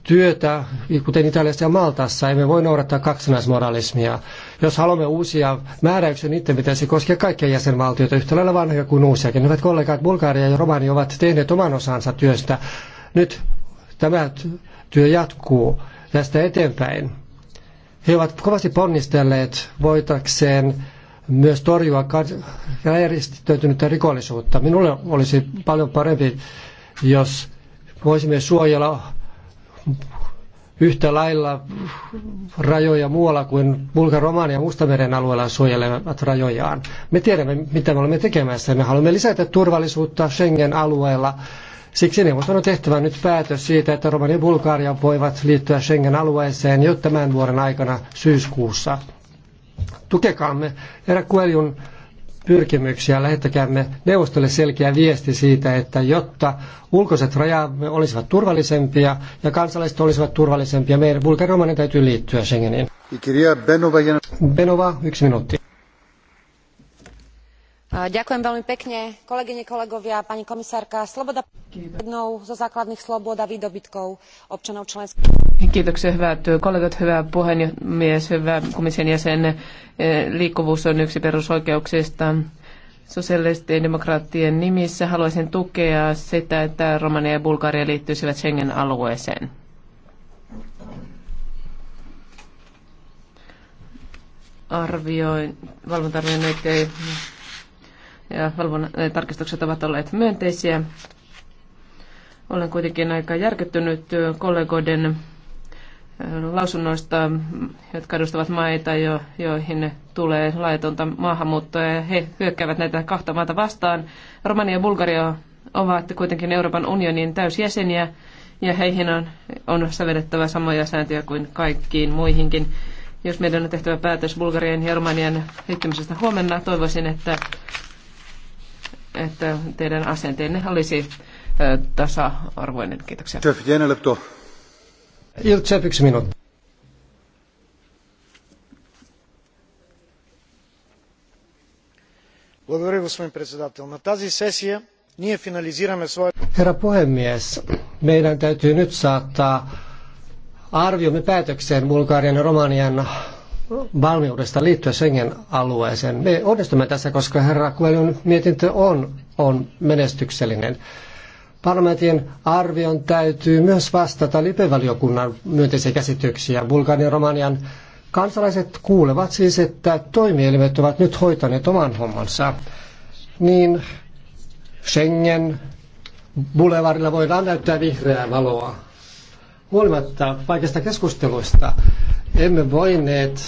työtä, kuten Italiassa ja Maltassa, emme voi noudattaa kaksinaismoralismia. Jos haluamme uusia määräyksiä, niiden pitäisi koskea kaikkia jäsenvaltioita, yhtä lailla vanhoja kuin uusiakin. Hyvät kollegat, Bulgaria ja Romania ovat tehneet oman osansa työstä. Nyt Tämä työ jatkuu tästä eteenpäin. He ovat kovasti ponnistelleet voitakseen myös torjua järjestäytynyttä rikollisuutta. Minulle olisi paljon parempi, jos voisimme suojella yhtä lailla rajoja muualla kuin Bulgar, Romania ja Mustameren alueella suojelevat rajojaan. Me tiedämme, mitä me olemme tekemässä. Me haluamme lisätä turvallisuutta Schengen-alueella Siksi neuvoston on tehtävä nyt päätös siitä, että Romania ja Bulgaria voivat liittyä Schengen-alueeseen jo tämän vuoden aikana syyskuussa. Tukekaamme Erä Kueljun pyrkimyksiä, lähettäkäämme neuvostolle selkeä viesti siitä, että jotta ulkoiset rajamme olisivat turvallisempia ja kansalaiset olisivat turvallisempia, meidän Bulgarian täytyy liittyä Schengeniin. Benova, yksi minuutti jednou zo základných slobôd a výdobytkov občanov členských Kiitoksia, hyvät kollegat, hyvä puhemies, hyvä komission jäsen. E, liikkuvuus on yksi perusoikeuksista. Sosiaalisten demokraattien nimissä haluaisin tukea sitä, että Romania ja Bulgaria liittyisivät Schengen-alueeseen. Arvioin, valvontarvioinnit ja valvonnan tarkistukset ovat olleet myönteisiä. Olen kuitenkin aika järkyttynyt kollegoiden lausunnoista, jotka edustavat maita, jo, joihin tulee laitonta maahanmuuttoa, ja he hyökkäävät näitä kahta maata vastaan. Romania ja Bulgaria ovat kuitenkin Euroopan unionin täysjäseniä, ja heihin on, on sovellettava samoja sääntöjä kuin kaikkiin muihinkin. Jos meidän on tehtävä päätös Bulgarian ja Romanian liittymisestä huomenna, toivoisin, että että teidän asenteenne olisi tasa-arvoinen. Kiitoksia. Iltsev, yksi minuutti. Herra puhemies, meidän täytyy nyt saattaa arviomme päätökseen Bulgarian ja Romanian valmiudesta liittyä Schengen-alueeseen. Me onnistumme tässä, koska herra Kuelion mietintö on, on menestyksellinen. Parlamentin arvion täytyy myös vastata lipevaliokunnan myönteisiä käsityksiä. Bulgarian ja Romanian kansalaiset kuulevat siis, että toimielimet ovat nyt hoitaneet oman hommansa. Niin Schengen bulevarilla voidaan näyttää vihreää valoa. Huolimatta vaikeista keskusteluista emme voineet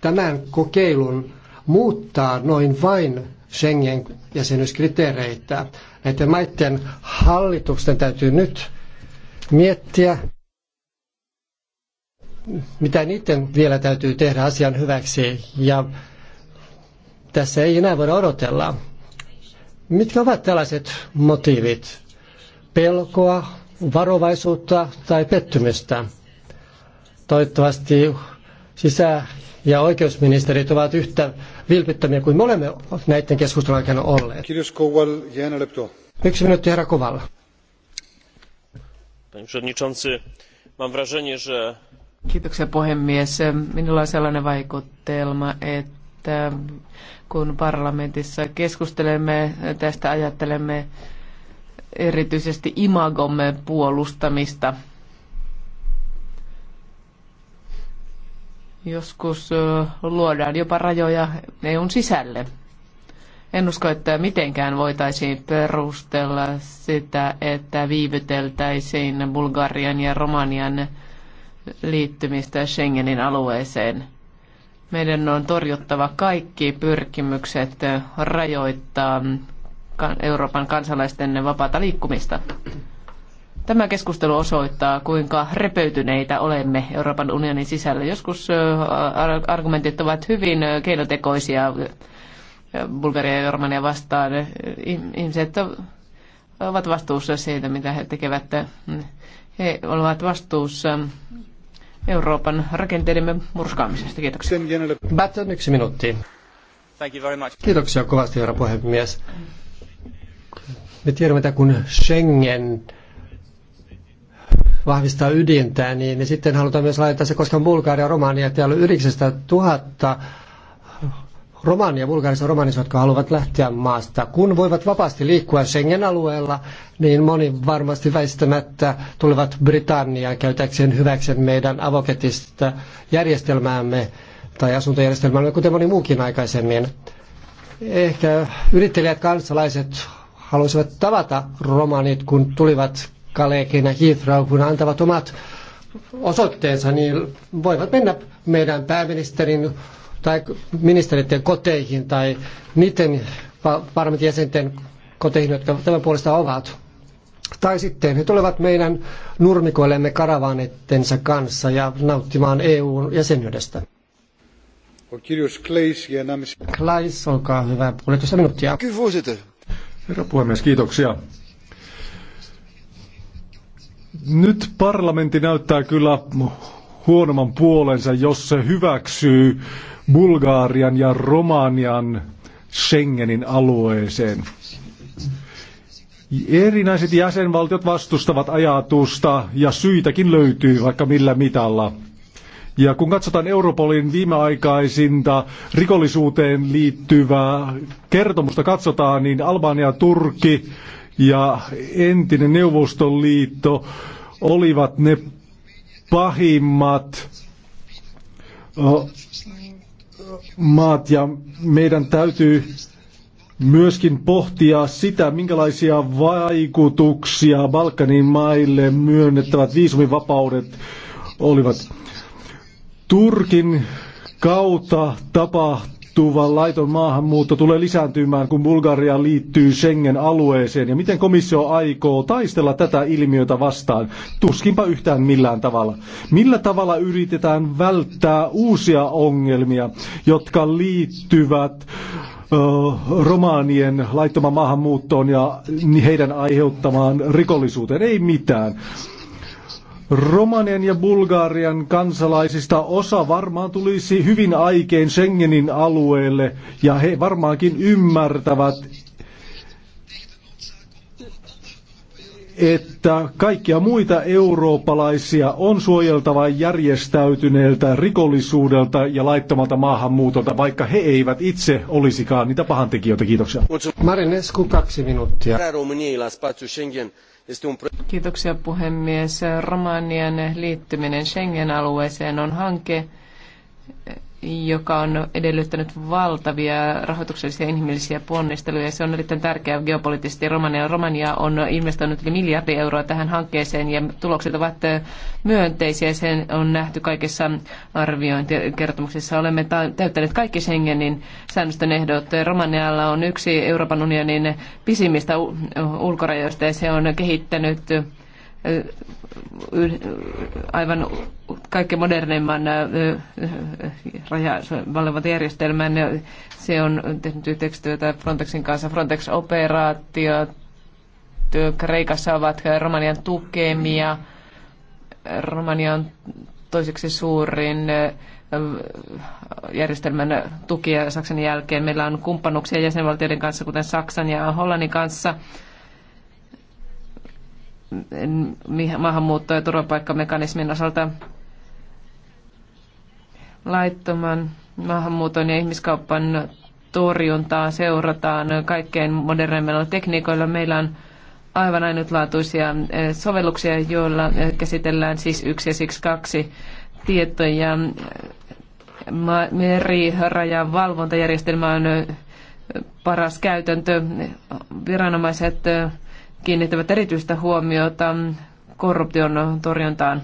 tämän kokeilun muuttaa noin vain Schengen-jäsenyyskriteereitä. Näiden maiden hallitusten täytyy nyt miettiä, mitä niiden vielä täytyy tehdä asian hyväksi. Ja tässä ei enää voida odotella. Mitkä ovat tällaiset motiivit? Pelkoa, varovaisuutta tai pettymystä? Toivottavasti sisä- ja oikeusministerit ovat yhtä vilpittömiä kuin me olemme näiden keskustelun aikana olleet. Yksi minuutti herra Kovalla. Kiitoksia puhemies. Minulla on sellainen vaikutelma, että kun parlamentissa keskustelemme tästä, ajattelemme erityisesti imagomme puolustamista – Joskus luodaan jopa rajoja EUn sisälle. En usko, että mitenkään voitaisiin perustella sitä, että viivyteltäisiin Bulgarian ja Romanian liittymistä Schengenin alueeseen. Meidän on torjuttava kaikki pyrkimykset rajoittaa Euroopan kansalaisten vapaata liikkumista. Tämä keskustelu osoittaa, kuinka repeytyneitä olemme Euroopan unionin sisällä. Joskus argumentit ovat hyvin keinotekoisia Bulgaria ja Romania vastaan. Ihmiset ovat vastuussa siitä, mitä he tekevät. He ovat vastuussa Euroopan rakenteidemme murskaamisesta. Kiitoksia. Batson yksi minuutti. Thank you very much. Kiitoksia kovasti, herra puhemies. Me tiedämme, että kun Schengen vahvistaa ydintä, niin sitten halutaan myös laittaa se, koska Bulgaria ja Romania, täällä on 9000 romania, bulgarissa romanissa, jotka haluavat lähteä maasta. Kun voivat vapaasti liikkua Schengen-alueella, niin moni varmasti väistämättä tulevat Britanniaan käytäkseen hyväksen meidän avoketista järjestelmäämme tai asuntojärjestelmäämme, kuten moni muukin aikaisemmin. Ehkä yrittelijät kansalaiset halusivat tavata romanit, kun tulivat Kalekin ja Heathrow, kun antavat omat osoitteensa, niin voivat mennä meidän pääministerin tai ministeriöiden koteihin tai niiden parlamentin jäsenten koteihin, jotka tämän puolesta ovat. Tai sitten he tulevat meidän nurmikoillemme karavaanettensa kanssa ja nauttimaan EUn jäsenyydestä. Klais, olkaa hyvä, puolitoista minuuttia. Herra puhemies, kiitoksia. Nyt parlamentti näyttää kyllä huonomman puolensa, jos se hyväksyy Bulgaarian ja Romanian Schengenin alueeseen. Erinäiset jäsenvaltiot vastustavat ajatusta ja syitäkin löytyy vaikka millä mitalla. Ja kun katsotaan Europolin viimeaikaisinta rikollisuuteen liittyvää kertomusta katsotaan, niin Albania, Turkki, ja entinen Neuvostoliitto olivat ne pahimmat maat ja meidän täytyy myöskin pohtia sitä, minkälaisia vaikutuksia Balkanin maille myönnettävät viisumivapaudet olivat. Turkin kautta tapahtui vaan laiton maahanmuutto tulee lisääntymään, kun Bulgaria liittyy Schengen-alueeseen? Ja miten komissio aikoo taistella tätä ilmiötä vastaan? Tuskinpa yhtään millään tavalla. Millä tavalla yritetään välttää uusia ongelmia, jotka liittyvät romaanien laittoman maahanmuuttoon ja heidän aiheuttamaan rikollisuuteen. Ei mitään. Romanian ja Bulgarian kansalaisista osa varmaan tulisi hyvin aikein Schengenin alueelle ja he varmaankin ymmärtävät, että kaikkia muita eurooppalaisia on suojeltava järjestäytyneeltä rikollisuudelta ja laittomalta maahanmuutolta, vaikka he eivät itse olisikaan niitä pahantekijöitä. Kiitoksia. Marinescu, kaksi minuuttia. E Schengen Kiitoksia puhemies. Romanian liittyminen Schengen-alueeseen on hanke, joka on edellyttänyt valtavia rahoituksellisia ja inhimillisiä ponnisteluja. Se on erittäin tärkeää geopoliittisesti. Romania, Romania on investoinut yli miljardi euroa tähän hankkeeseen ja tulokset ovat myönteisiä. Sen on nähty kaikissa arviointikertomuksissa. Olemme täyttäneet kaikki Schengenin säännöstön ehdot. Romanialla on yksi Euroopan unionin pisimmistä ulkorajoista ja se on kehittänyt aivan kaikkein modernimman rajavalvontajärjestelmän järjestelmän. Se on tehnyt yhteistyötä Frontexin kanssa. Frontex-operaatiot Kreikassa ovat Romanian tukemia. Romania on toiseksi suurin järjestelmän tukia Saksan jälkeen. Meillä on kumppanuuksia jäsenvaltioiden kanssa, kuten Saksan ja Hollannin kanssa maahanmuutto- ja turvapaikkamekanismin osalta laittoman maahanmuuton ja ihmiskaupan torjuntaa seurataan kaikkein modernimmilla tekniikoilla. Meillä on aivan ainutlaatuisia eh, sovelluksia, joilla eh, käsitellään siis yksi ja siksi kaksi tietoja. Merirajan valvontajärjestelmä on eh, paras käytäntö. Viranomaiset kiinnittävät erityistä huomiota korruption torjuntaan.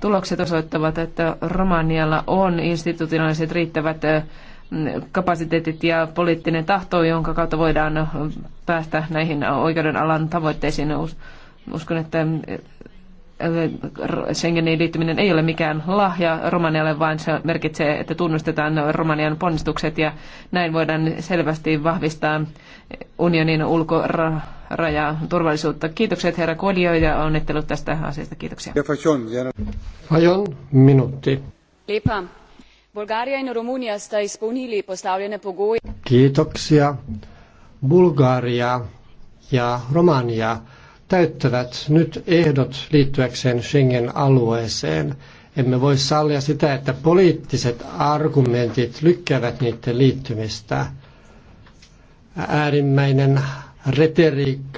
Tulokset osoittavat, että Romanialla on institutionaaliset riittävät eh, kapasiteetit ja poliittinen tahto, jonka kautta voidaan päästä näihin oikeudenalan tavoitteisiin. Uskon, että eh, Schengenin liittyminen ei ole mikään lahja Romanialle, vaan se merkitsee, että tunnustetaan Romanian ponnistukset ja näin voidaan selvästi vahvistaa unionin ulkoraja turvallisuutta. Kiitokset herra Kodio ja onnittelut tästä asiasta. Kiitoksia. Fajon, minuutti. Lepa. Bulgaria ja Rumunia sta isponili postavljene pogoje. Kiitoksia. Bulgaria ja Romania täyttävät nyt ehdot liittyäkseen Schengen-alueeseen. Emme voi sallia sitä, että poliittiset argumentit lykkäävät niiden liittymistä äärimmäinen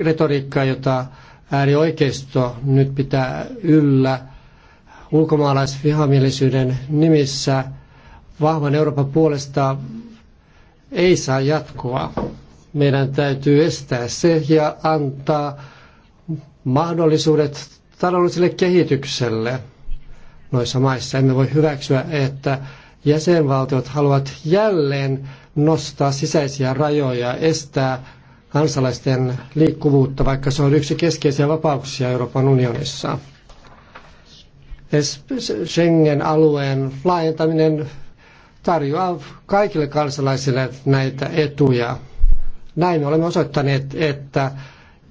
retoriikka, jota äärioikeisto nyt pitää yllä ulkomaalaisvihamielisyyden nimissä vahvan Euroopan puolesta ei saa jatkua. Meidän täytyy estää se ja antaa mahdollisuudet taloudelliselle kehitykselle noissa maissa. Emme voi hyväksyä, että jäsenvaltiot haluavat jälleen nostaa sisäisiä rajoja, estää kansalaisten liikkuvuutta, vaikka se on yksi keskeisiä vapauksia Euroopan unionissa. Schengen-alueen laajentaminen tarjoaa kaikille kansalaisille näitä etuja. Näin olemme osoittaneet, että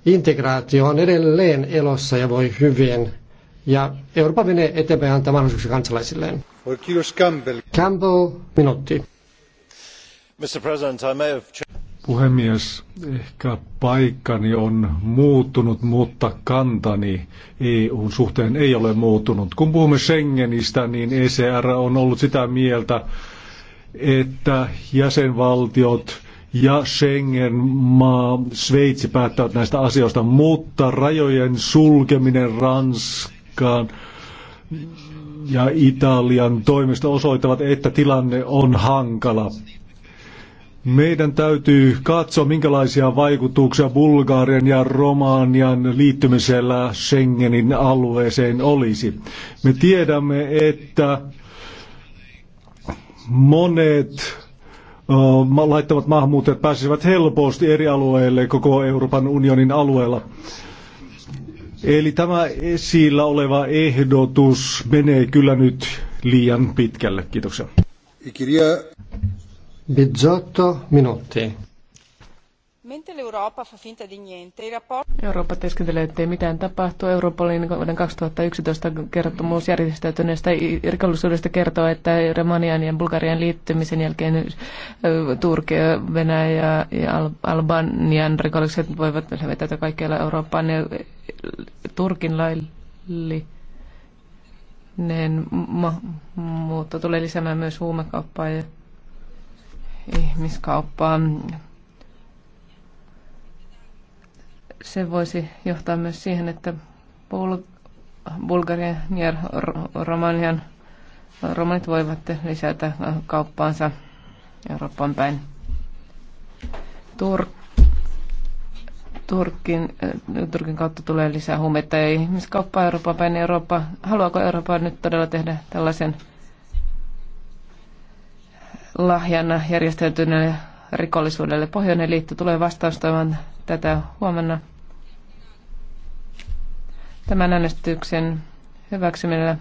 integraatio on edelleen elossa ja voi hyvin. Ja Eurooppa menee eteenpäin antaa mahdollisuuksia kansalaisilleen. Campbell, minuutti. Puhemies, ehkä paikkani on muuttunut, mutta kantani EUn suhteen ei ole muuttunut. Kun puhumme Schengenistä, niin ECR on ollut sitä mieltä, että jäsenvaltiot ja Schengen-maa, Sveitsi päättävät näistä asioista, mutta rajojen sulkeminen Ranskaan ja Italian toimesta osoittavat, että tilanne on hankala. Meidän täytyy katsoa, minkälaisia vaikutuksia Bulgarian ja Romanian liittymisellä Schengenin alueeseen olisi. Me tiedämme, että monet laittavat maahanmuuttajat pääsisivät helposti eri alueille koko Euroopan unionin alueella. Eli tämä esillä oleva ehdotus menee kyllä nyt liian pitkälle. Kiitoksia. Bizzotto, minuutti. Eurooppa teeskentelee, ettei mitään tapahtu. Europolin vuoden 2011 kertomus järjestäytyneestä rikollisuudesta kertoo, että Romanian ja Bulgarian liittymisen jälkeen Turki, Venäjä ja Albanian rikolliset voivat levittää kaikkialla Eurooppaan. Ja e, Turkin laillinen muutto tulee lisäämään myös huumekauppaa ja ihmiskauppaa. Se voisi johtaa myös siihen, että Bul- Bulgarian ja Romanian romanit voivat lisätä kauppaansa Euroopan päin. Tur- Turkin, äh, Turkin kautta tulee lisää huumeita ja ihmiskauppaa Euroopan päin. Eurooppa, haluaako Eurooppa nyt todella tehdä tällaisen lahjana järjestäytyneelle rikollisuudelle. Pohjoinen liitto tulee vastaustamaan tätä huomenna tämän äänestyksen hyväksymillä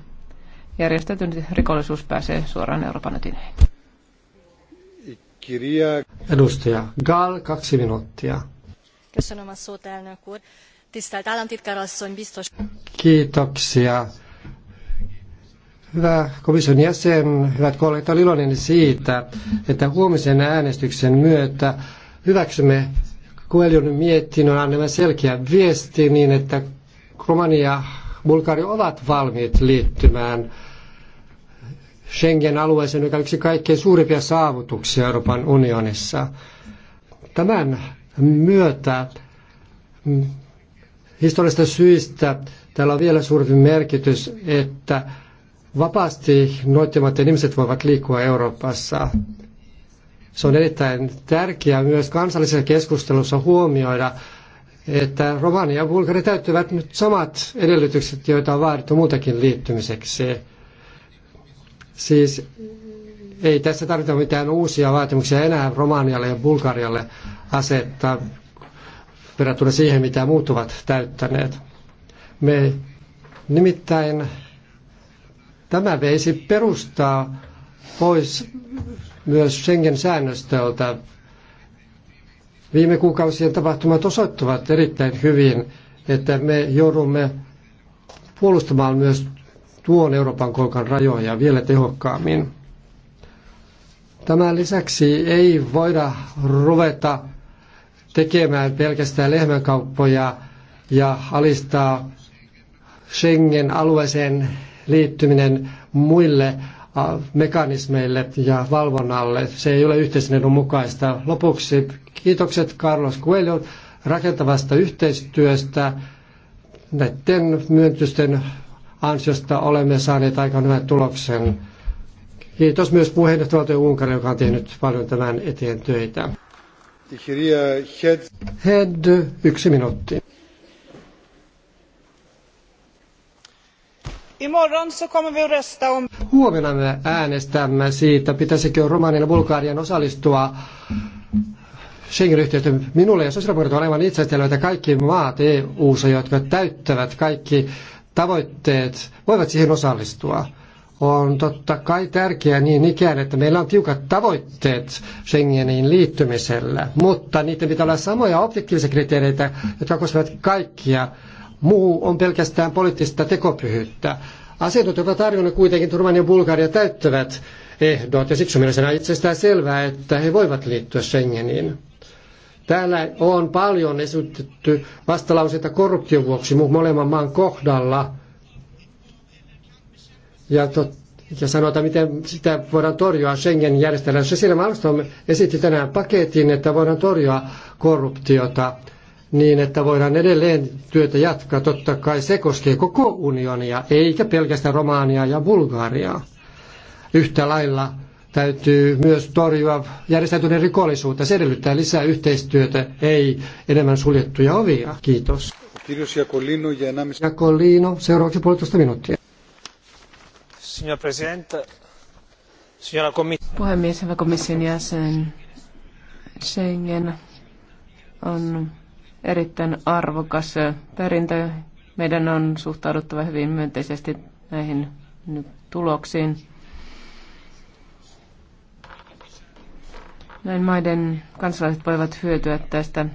järjestäytynyt rikollisuus pääsee suoraan Euroopan ytineen. Edustaja Gal, kaksi minuuttia. Kiitoksia. Hyvä komission jäsen, hyvät kollegat, olen iloinen siitä, että huomisen äänestyksen myötä hyväksymme Koelion mietinnön annamme selkeä viesti niin, että Romania ja Bulgaria ovat valmiit liittymään Schengen-alueeseen, joka on yksi kaikkein suurimpia saavutuksia Euroopan unionissa. Tämän myötä historiallisista syistä tällä on vielä suurempi merkitys, että Vapaasti noittimatta ihmiset voivat liikkua Euroopassa. Se on erittäin tärkeää myös kansallisessa keskustelussa huomioida, että Romania ja Bulgari täyttävät nyt samat edellytykset, joita on vaadittu muutakin liittymiseksi. Siis ei tässä tarvita mitään uusia vaatimuksia enää Romanialle ja Bulgarialle asettaa verrattuna siihen, mitä muut ovat täyttäneet. Me nimittäin Tämä veisi perustaa pois myös Schengen-säännöstöltä. Viime kuukausien tapahtumat osoittavat erittäin hyvin, että me joudumme puolustamaan myös tuon Euroopan kolkan rajoja vielä tehokkaammin. Tämän lisäksi ei voida ruveta tekemään pelkästään lehmänkauppoja ja alistaa Schengen-alueeseen liittyminen muille äh, mekanismeille ja valvonnalle. Se ei ole yhteisen edun mukaista. Lopuksi kiitokset Carlos Coelho rakentavasta yhteistyöstä. Näiden myöntysten ansiosta olemme saaneet aika hyvän tuloksen. Kiitos myös puheenjohtajalta Unkari, joka on tehnyt paljon tämän eteen töitä. Head, yksi minuutti. Huomenna me äänestämme siitä, pitäisikö Romanian ja Bulgarian osallistua Schengen-yhteistyöhön. Minulle ja sosiaalipuolet on aivan itsestään, että kaikki maat eu jotka täyttävät kaikki tavoitteet, voivat siihen osallistua. On totta kai tärkeää niin ikään, että meillä on tiukat tavoitteet Schengeniin liittymisellä, mutta niiden pitää olla samoja objektiivisia kriteereitä, jotka koskevat kaikkia muu on pelkästään poliittista tekopyhyyttä. Asetut, jotka tarjonneet kuitenkin Turman ja Bulgaria täyttävät ehdot, ja siksi on mielestäni itsestään selvää, että he voivat liittyä Schengeniin. Täällä on paljon esitetty vastalauseita korruption vuoksi molemman maan kohdalla. Ja, tot, ja sanotaan, miten sitä voidaan torjua Schengen järjestelmässä. Siellä Malmström esitti tänään paketin, että voidaan torjua korruptiota niin, että voidaan edelleen työtä jatkaa. Totta kai se koskee koko unionia, eikä pelkästään Romaaniaa ja Bulgaariaa. Yhtä lailla täytyy myös torjua järjestäytyneen rikollisuutta. Se edellyttää lisää yhteistyötä, ei enemmän suljettuja ovia. Kiitos. Kiitos Jakolino. Jakolino, seuraavaksi puolitoista minuuttia. Signor Presidente, signora Commissione. Puhemies, hyvä komission jäsen. Schengen on erittäin arvokas perintö. Meidän on suhtauduttava hyvin myönteisesti näihin tuloksiin. Näin maiden kansalaiset voivat hyötyä tästä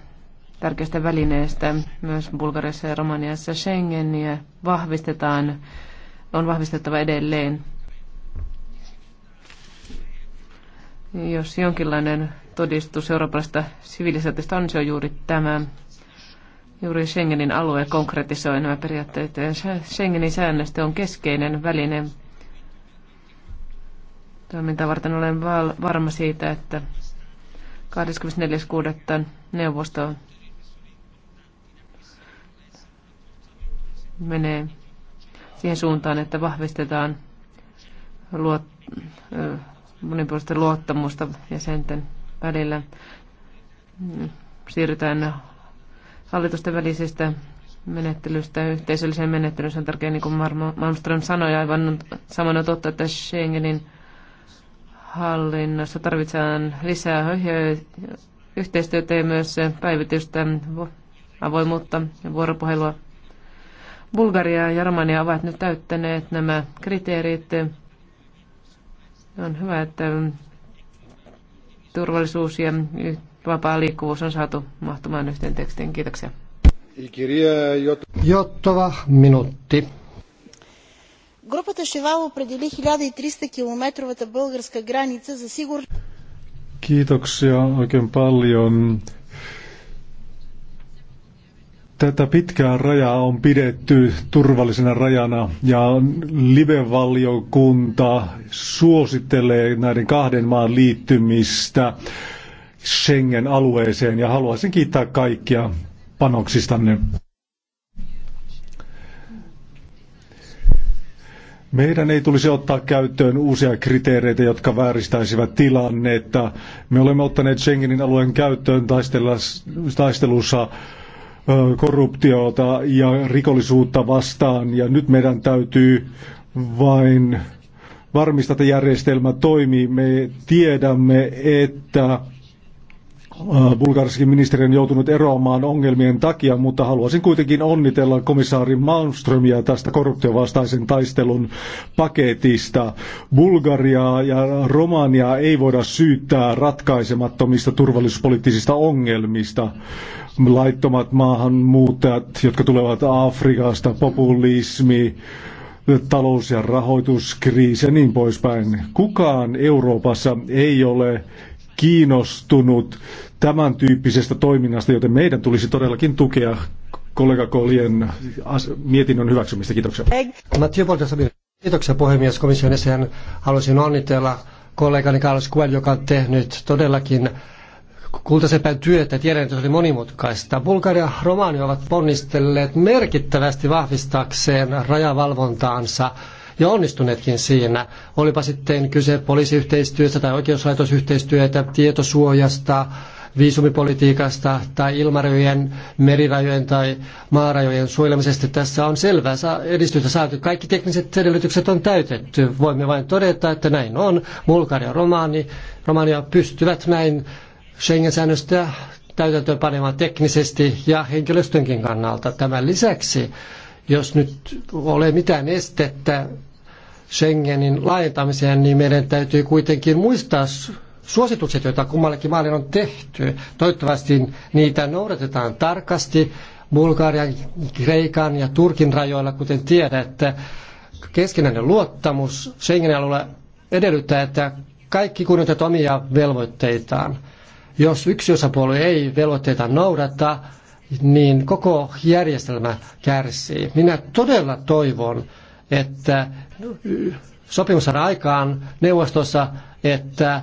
tärkeästä välineestä myös Bulgariassa ja Romaniassa Schengeniä vahvistetaan, on vahvistettava edelleen. Jos jonkinlainen todistus eurooppalaisesta sivilisaatiosta on, se on juuri tämä Juuri Schengenin alue konkretisoi nämä periaatteet. Schengenin säännöstö on keskeinen väline toimintaa varten. Olen varma siitä, että 24.6. neuvosto menee siihen suuntaan, että vahvistetaan luot, monipuolista luottamusta jäsenten välillä. Siirrytään hallitusten välisestä menettelystä. menettelyyn. menettelyssä on tärkeää, niin kuin Malmström sanoi, aivan samana totta, että Schengenin hallinnossa tarvitaan lisää yhteistyötä ja myös päivitystä, avoimuutta ja vuoropuhelua. Bulgaria ja Romania ovat nyt täyttäneet nämä kriteerit. On hyvä, että turvallisuus ja yhteistyö vapaa liikkuvuus on saatu mahtumaan yhteen tekstiin. Kiitoksia. Jottava minuutti. Групата Шевал определи 1300-километровата българска граница за сигурна... Kiitoksia oikein paljon. Tätä pitkää rajaa on pidetty turvallisena rajana ja live-valiokunta suosittelee näiden kahden maan liittymistä Schengen-alueeseen ja haluaisin kiittää kaikkia panoksistanne. Meidän ei tulisi ottaa käyttöön uusia kriteereitä, jotka vääristäisivät tilannetta. Me olemme ottaneet Schengenin alueen käyttöön taistelussa korruptiota ja rikollisuutta vastaan, ja nyt meidän täytyy vain varmistaa, että järjestelmä toimii. Me tiedämme, että Äh, Bulgariskin ministeri on joutunut eroamaan ongelmien takia, mutta haluaisin kuitenkin onnitella komissaari Malmströmiä tästä korruptiovastaisen taistelun paketista. Bulgariaa ja Romaniaa ei voida syyttää ratkaisemattomista turvallisuuspoliittisista ongelmista. Laittomat maahanmuuttajat, jotka tulevat Afrikasta, populismi, talous- ja rahoituskriisi ja niin poispäin. Kukaan Euroopassa ei ole kiinnostunut tämän tyyppisestä toiminnasta, joten meidän tulisi todellakin tukea kollega Kolien mietinnön hyväksymistä. Kiitoksia. Kiitoksia puhemies komission jäsen. Haluaisin onnitella kollegani Carlos Kuel, joka on tehnyt todellakin kultasepän työtä. Tiedän, että se oli monimutkaista. Bulgaria ja Romania ovat ponnistelleet merkittävästi vahvistakseen rajavalvontaansa ja onnistuneetkin siinä. Olipa sitten kyse poliisiyhteistyöstä tai oikeuslaitosyhteistyötä, tietosuojasta, viisumipolitiikasta tai ilmarajojen, merirajojen tai maarajojen suojelemisesta. Tässä on selvää edistystä saatu. Kaikki tekniset edellytykset on täytetty. Voimme vain todeta, että näin on. Bulgaria ja Romani, Romania pystyvät näin Schengen-säännöstä täytäntöön panemaan teknisesti ja henkilöstönkin kannalta. Tämän lisäksi, jos nyt ole mitään estettä Schengenin laajentamiseen, niin meidän täytyy kuitenkin muistaa suositukset, joita kummallekin maalle on tehty. Toivottavasti niitä noudatetaan tarkasti Bulgarian, Kreikan ja Turkin rajoilla, kuten tiedätte. Keskinäinen luottamus Schengenin alueella edellyttää, että kaikki kunnioitat omia velvoitteitaan. Jos yksi osapuoli ei velvoitteita noudata, niin koko järjestelmä kärsii. Minä todella toivon, että sopimus saada aikaan neuvostossa, että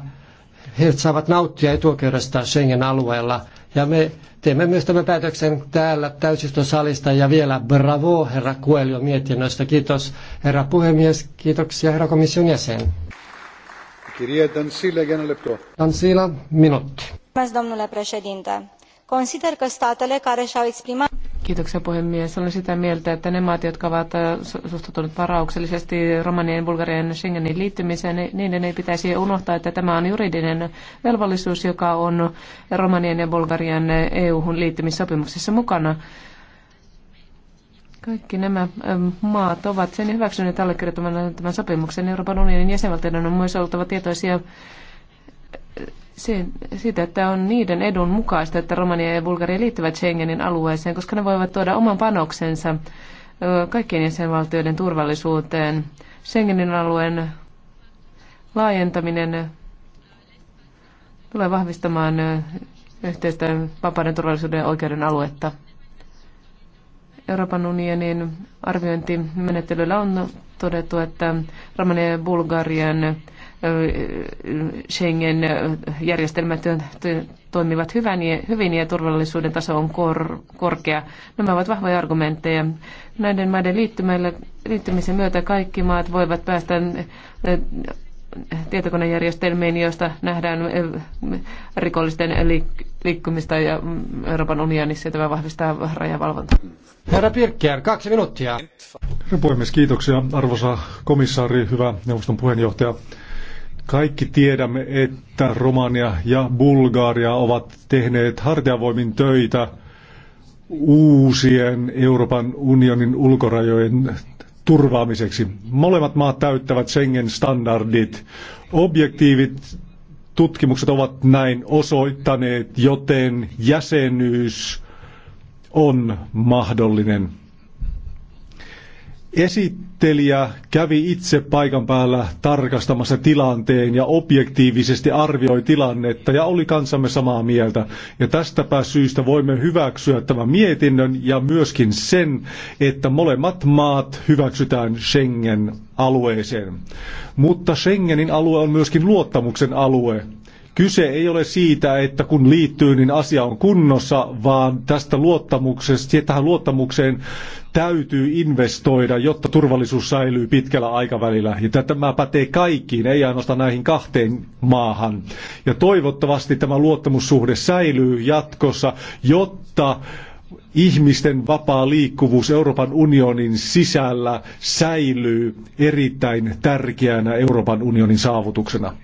he saavat nauttia etuoikeudesta Schengen-alueella. Ja me teemme myös tämän päätöksen täällä täysistuntosalista ja vielä bravo herra Kuelio mietinnöstä. Kiitos herra puhemies, kiitoksia herra komission jäsen. Kirje Dansila, minuutti. Domnule președinte, Consider că statele care și-au exprimat... Kiitoksia puhemies. Olen sitä mieltä, että ne maat, jotka ovat äh, suhtautuneet varauksellisesti Romanian ja Bulgarian Schengenin liittymiseen, niiden ei pitäisi unohtaa, että tämä on juridinen velvollisuus, joka on Romanian ja Bulgarian EU-hun liittymissopimuksessa mukana. Kaikki nämä ähm, maat ovat sen hyväksyneet allekirjoittamana tämän sopimuksen. Euroopan unionin jäsenvaltioiden on myös oltava tietoisia se, sitä, että on niiden edun mukaista, että Romania ja Bulgaria liittyvät Schengenin alueeseen, koska ne voivat tuoda oman panoksensa kaikkien jäsenvaltioiden turvallisuuteen. Schengenin alueen laajentaminen tulee vahvistamaan yhteistä vapauden, turvallisuuden ja oikeuden aluetta. Euroopan unionin arviointimenettelyllä on todettu, että Romania ja Bulgarian Schengen-järjestelmät toimivat hyvin ja turvallisuuden taso on korkea. Nämä ovat vahvoja argumentteja. Näiden maiden liittymisen myötä kaikki maat voivat päästä eh, tietokonejärjestelmiin, joista nähdään eh, rikollisten liikkumista ja mm, Euroopan unionissa tämä vahvistaa rajavalvontaa. Herra Pirkkiär, kaksi minuuttia. Herra puhemies, kiitoksia. Arvoisa komissaari, hyvä neuvoston puheenjohtaja. Kaikki tiedämme, että Romania ja Bulgaria ovat tehneet hartiavoimin töitä uusien Euroopan unionin ulkorajojen turvaamiseksi. Molemmat maat täyttävät Schengen-standardit. Objektiivit tutkimukset ovat näin osoittaneet, joten jäsenyys on mahdollinen. Esittelijä kävi itse paikan päällä tarkastamassa tilanteen ja objektiivisesti arvioi tilannetta ja oli kanssamme samaa mieltä. Ja tästäpä syystä voimme hyväksyä tämän mietinnön ja myöskin sen, että molemmat maat hyväksytään Schengen-alueeseen. Mutta Schengenin alue on myöskin luottamuksen alue. Kyse ei ole siitä, että kun liittyy, niin asia on kunnossa, vaan tästä luottamuksesta, tähän luottamukseen täytyy investoida, jotta turvallisuus säilyy pitkällä aikavälillä. Ja tämä pätee kaikkiin, ei ainoastaan näihin kahteen maahan. Ja toivottavasti tämä luottamussuhde säilyy jatkossa, jotta ihmisten vapaa liikkuvuus Euroopan unionin sisällä säilyy erittäin tärkeänä Euroopan unionin saavutuksena.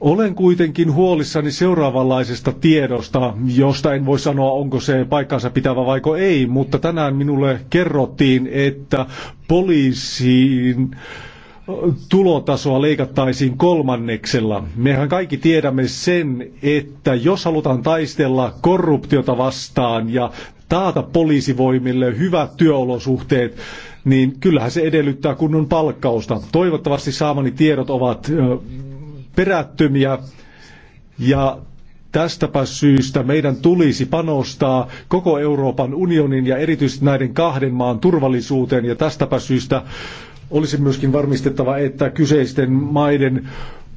Olen kuitenkin huolissani seuraavanlaisesta tiedosta, josta en voi sanoa, onko se paikkansa pitävä vaiko ei, mutta tänään minulle kerrottiin, että poliisiin tulotasoa leikattaisiin kolmanneksella. Mehän kaikki tiedämme sen, että jos halutaan taistella korruptiota vastaan ja taata poliisivoimille hyvät työolosuhteet, niin kyllähän se edellyttää kunnon palkkausta. Toivottavasti saamani tiedot ovat perättömiä ja Tästäpä syystä meidän tulisi panostaa koko Euroopan unionin ja erityisesti näiden kahden maan turvallisuuteen ja tästäpä syystä olisi myöskin varmistettava, että kyseisten maiden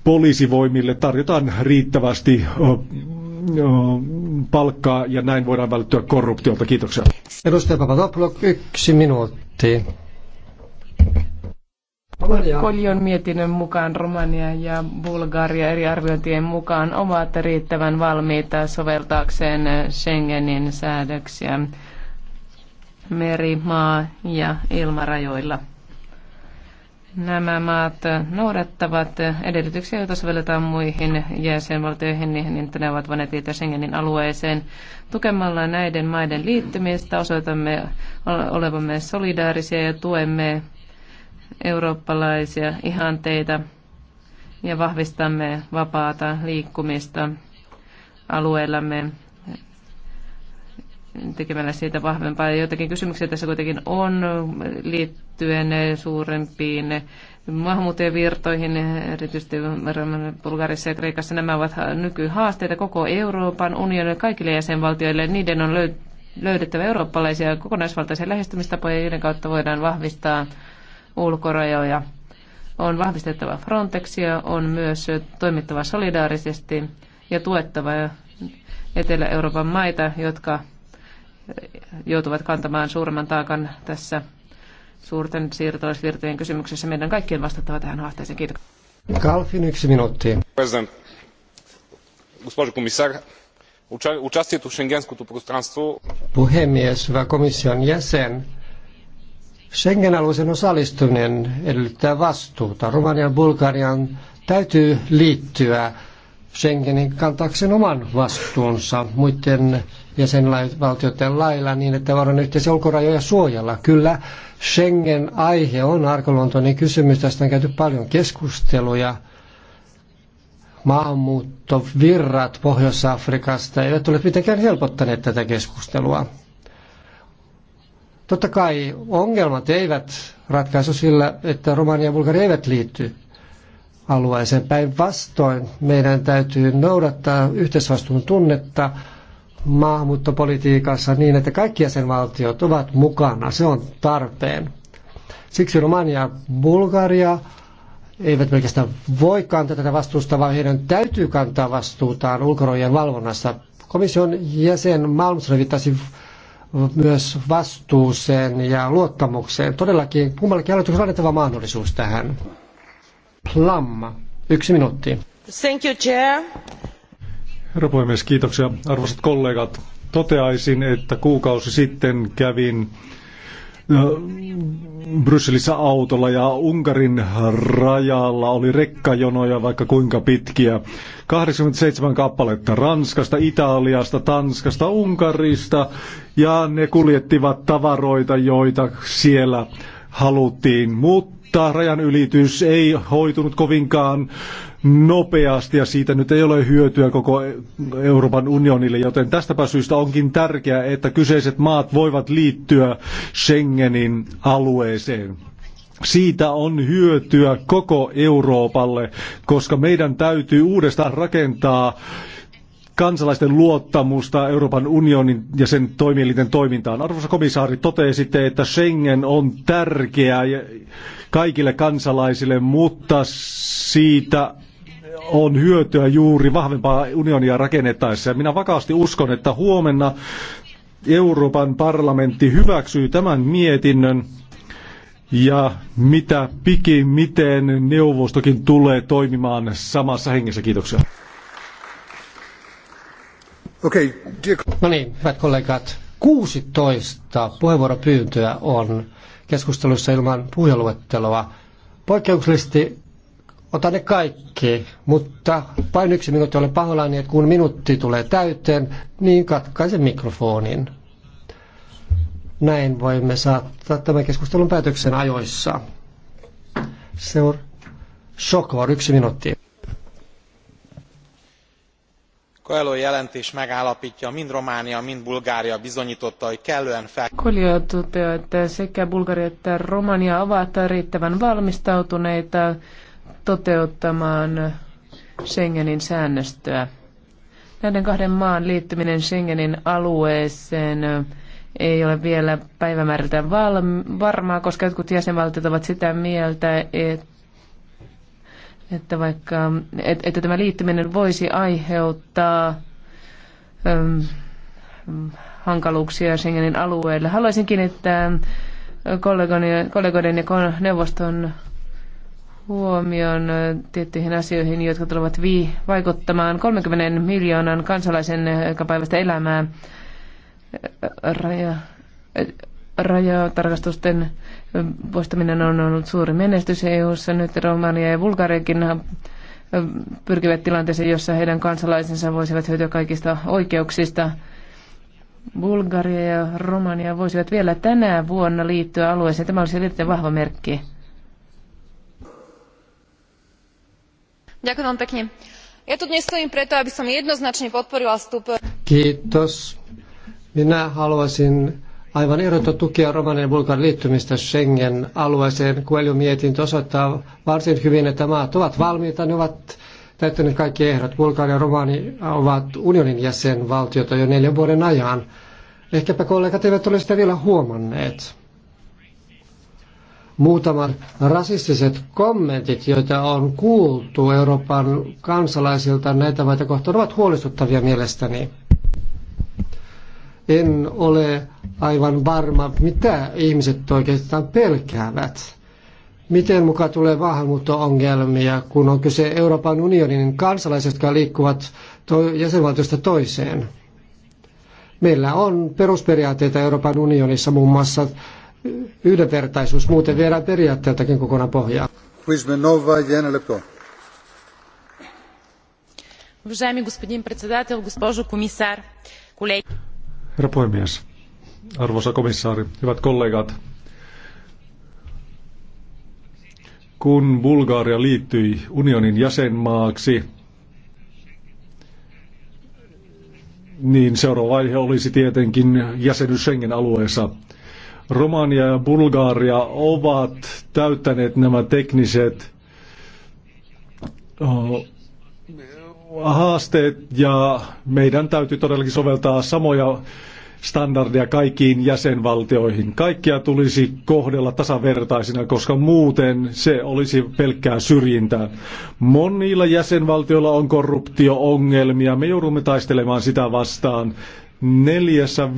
poliisivoimille tarjotaan riittävästi palkkaa ja näin voidaan välttyä korruptiolta. Kiitoksia. Edustaja Papadopoulou, yksi minuutti. Koljon mietinnön mukaan Romania ja Bulgaria eri arviointien mukaan ovat riittävän valmiita soveltaakseen Schengenin säädöksiä meri-, maa- ja ilmarajoilla. Nämä maat noudattavat edellytyksiä, joita sovelletaan muihin jäsenvaltioihin niin, että ne ovat voineet liittyä Schengenin alueeseen. Tukemalla näiden maiden liittymistä osoitamme olevamme solidaarisia ja tuemme eurooppalaisia ihanteita ja vahvistamme vapaata liikkumista alueellamme tekemällä siitä vahvempaa. Joitakin kysymyksiä tässä kuitenkin on liittyen suurempiin maahanmuuttajavirtoihin, erityisesti Bulgarissa ja Kreikassa. Nämä ovat nykyhaasteita koko Euroopan unionille, kaikille jäsenvaltioille. Niiden on löydettävä eurooppalaisia kokonaisvaltaisia lähestymistapoja, joiden kautta voidaan vahvistaa ulkorajoja. On vahvistettava Frontexia, on myös toimittava solidaarisesti ja tuettava Etelä-Euroopan maita, jotka joutuvat kantamaan suuremman taakan tässä suurten siirtolaisvirtojen kysymyksessä. Meidän kaikkien vastattava tähän haasteeseen. Kiitos. Kalfin yksi minuutti. Госпожо комисар, участието Puhemies, hyvä komission jäsen schengen alueen osallistuminen edellyttää vastuuta. Romanian ja Bulgarian täytyy liittyä Schengenin kantaakseen oman vastuunsa muiden jäsenvaltioiden lailla niin, että varon yhteisiä ulkorajoja suojella. Kyllä Schengen-aihe on arkaluontoinen kysymys. Tästä on käyty paljon keskusteluja. Maahanmuuttovirrat Pohjois-Afrikasta eivät ole mitenkään helpottaneet tätä keskustelua. Totta kai ongelmat eivät ratkaisu sillä, että Romania ja Bulgaria eivät liitty alueeseen. Päinvastoin meidän täytyy noudattaa yhteisvastuun tunnetta maahanmuuttopolitiikassa niin, että kaikki jäsenvaltiot ovat mukana. Se on tarpeen. Siksi Romania ja Bulgaria eivät pelkästään voi kantaa tätä vastuusta, vaan heidän täytyy kantaa vastuutaan ulkorajojen valvonnassa. Komission jäsen Malmström viittasi myös vastuuseen ja luottamukseen. Todellakin kummallakin hallituksella on annettava mahdollisuus tähän. Plamma, yksi minuutti. Thank you, Chair. Herra puhemies, kiitoksia. Arvoisat kollegat, toteaisin, että kuukausi sitten kävin Brysselissä autolla ja Unkarin rajalla oli rekkajonoja vaikka kuinka pitkiä. 87 kappaletta Ranskasta, Italiasta, Tanskasta, Unkarista ja ne kuljettivat tavaroita, joita siellä haluttiin, mutta rajan ylitys ei hoitunut kovinkaan nopeasti ja siitä nyt ei ole hyötyä koko Euroopan unionille, joten tästäpä syystä onkin tärkeää, että kyseiset maat voivat liittyä Schengenin alueeseen. Siitä on hyötyä koko Euroopalle, koska meidän täytyy uudestaan rakentaa kansalaisten luottamusta Euroopan unionin ja sen toimielinten toimintaan. Arvoisa komissaari, totesitte, että Schengen on tärkeä kaikille kansalaisille, mutta siitä on hyötyä juuri vahvempaa unionia rakennettaessa. Minä vakaasti uskon, että huomenna Euroopan parlamentti hyväksyy tämän mietinnön ja mitä pikimiten neuvostokin tulee toimimaan samassa hengessä. Kiitoksia. Okay, no niin, hyvät kollegat. 16 puheenvuoropyyntöä on keskustelussa ilman puheluetteloa. Poikkeuksellisesti Ota ne kaikki, mutta vain yksi minuutti ole pahoillani, että kun minuutti tulee täyteen, niin katkaise mikrofonin. Näin voimme saattaa tämän keskustelun päätöksen ajoissa. Seur. Sokor, yksi minuutti. Koelo jelentés megállaptja mind románia mind bulgária bizonytotta hogy kellően fel. coelho toteaa että sekä bulgaria että romania ovat riittävän valmistautuneita toteuttamaan Schengenin säännöstöä. Näiden kahden maan liittyminen Schengenin alueeseen ei ole vielä päivämäärältä varmaa, koska jotkut jäsenvaltiot ovat sitä mieltä, että että vaikka että, että tämä liittyminen voisi aiheuttaa hankaluuksia Schengenin alueelle. Haluaisin kiinnittää kollegoiden ja neuvoston huomion tiettyihin asioihin, jotka tulevat vi- vaikuttamaan 30 miljoonan kansalaisen päivästä elämää. Raja, rajatarkastusten poistaminen on ollut suuri menestys EU-ssa. Nyt Romania ja Bulgariakin pyrkivät tilanteeseen, jossa heidän kansalaisensa voisivat hyötyä kaikista oikeuksista. Bulgaria ja Romania voisivat vielä tänä vuonna liittyä alueeseen. Tämä olisi erittäin vahva merkki. ja tu dnes stojím preto aby som jednoznačne podporila vstup. Kiitos. Minä haluaisin aivan ehdoton tukea Romanian ja Bulgarian liittymistä Schengen-alueeseen. Kuelio mietintö osoittaa varsin hyvin, että maat ovat valmiita, ne ovat täyttäneet kaikki ehdot. Bulgaria ja Romani ovat unionin jäsenvaltiota jo neljän vuoden ajan. Ehkäpä kollegat eivät ole sitä vielä huomanneet muutamat rasistiset kommentit, joita on kuultu Euroopan kansalaisilta näitä maita kohtaan, ovat huolestuttavia mielestäni. En ole aivan varma, mitä ihmiset oikeastaan pelkäävät. Miten mukaan tulee maahanmuutto-ongelmia, kun on kyse Euroopan unionin kansalaisista, jotka liikkuvat to- jäsenvaltiosta toiseen? Meillä on perusperiaatteita Euroopan unionissa, muun muassa yhdenvertaisuus. Muuten viedään periaatteeltakin kokonaan pohjaa. Herra puhemies, arvoisa komissaari, hyvät kollegat. Kun Bulgaria liittyi unionin jäsenmaaksi, niin seuraava vaihe olisi tietenkin jäsenyys Schengen-alueessa – Romania ja Bulgaria ovat täyttäneet nämä tekniset haasteet ja meidän täytyy todellakin soveltaa samoja standardeja kaikkiin jäsenvaltioihin. Kaikkia tulisi kohdella tasavertaisina, koska muuten se olisi pelkkää syrjintää. Monilla jäsenvaltioilla on korruptioongelmia. Me joudumme taistelemaan sitä vastaan. Neljässä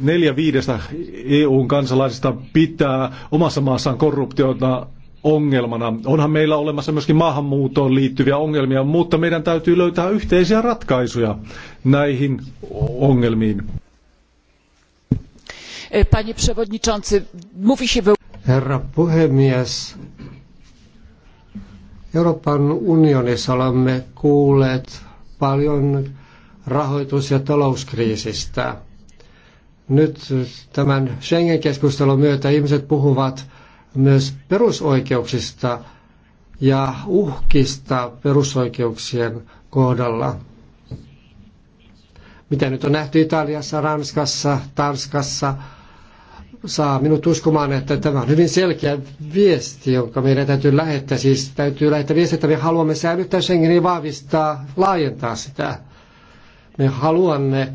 neljä viidestä EUn kansalaisista pitää omassa maassaan korruptiota ongelmana. Onhan meillä olemassa myöskin maahanmuuttoon liittyviä ongelmia, mutta meidän täytyy löytää yhteisiä ratkaisuja näihin ongelmiin. Panie przewodniczący, mówi się... Herra puhemies, Euroopan unionissa olemme kuulleet paljon rahoitus- ja talouskriisistä – nyt tämän Schengen-keskustelun myötä ihmiset puhuvat myös perusoikeuksista ja uhkista perusoikeuksien kohdalla. Mitä nyt on nähty Italiassa, Ranskassa, Tanskassa, saa minut uskomaan, että tämä on hyvin selkeä viesti, jonka meidän täytyy lähettää. Siis täytyy lähettää viesti, että me haluamme säilyttää Schengenin vahvistaa, laajentaa sitä. Me haluamme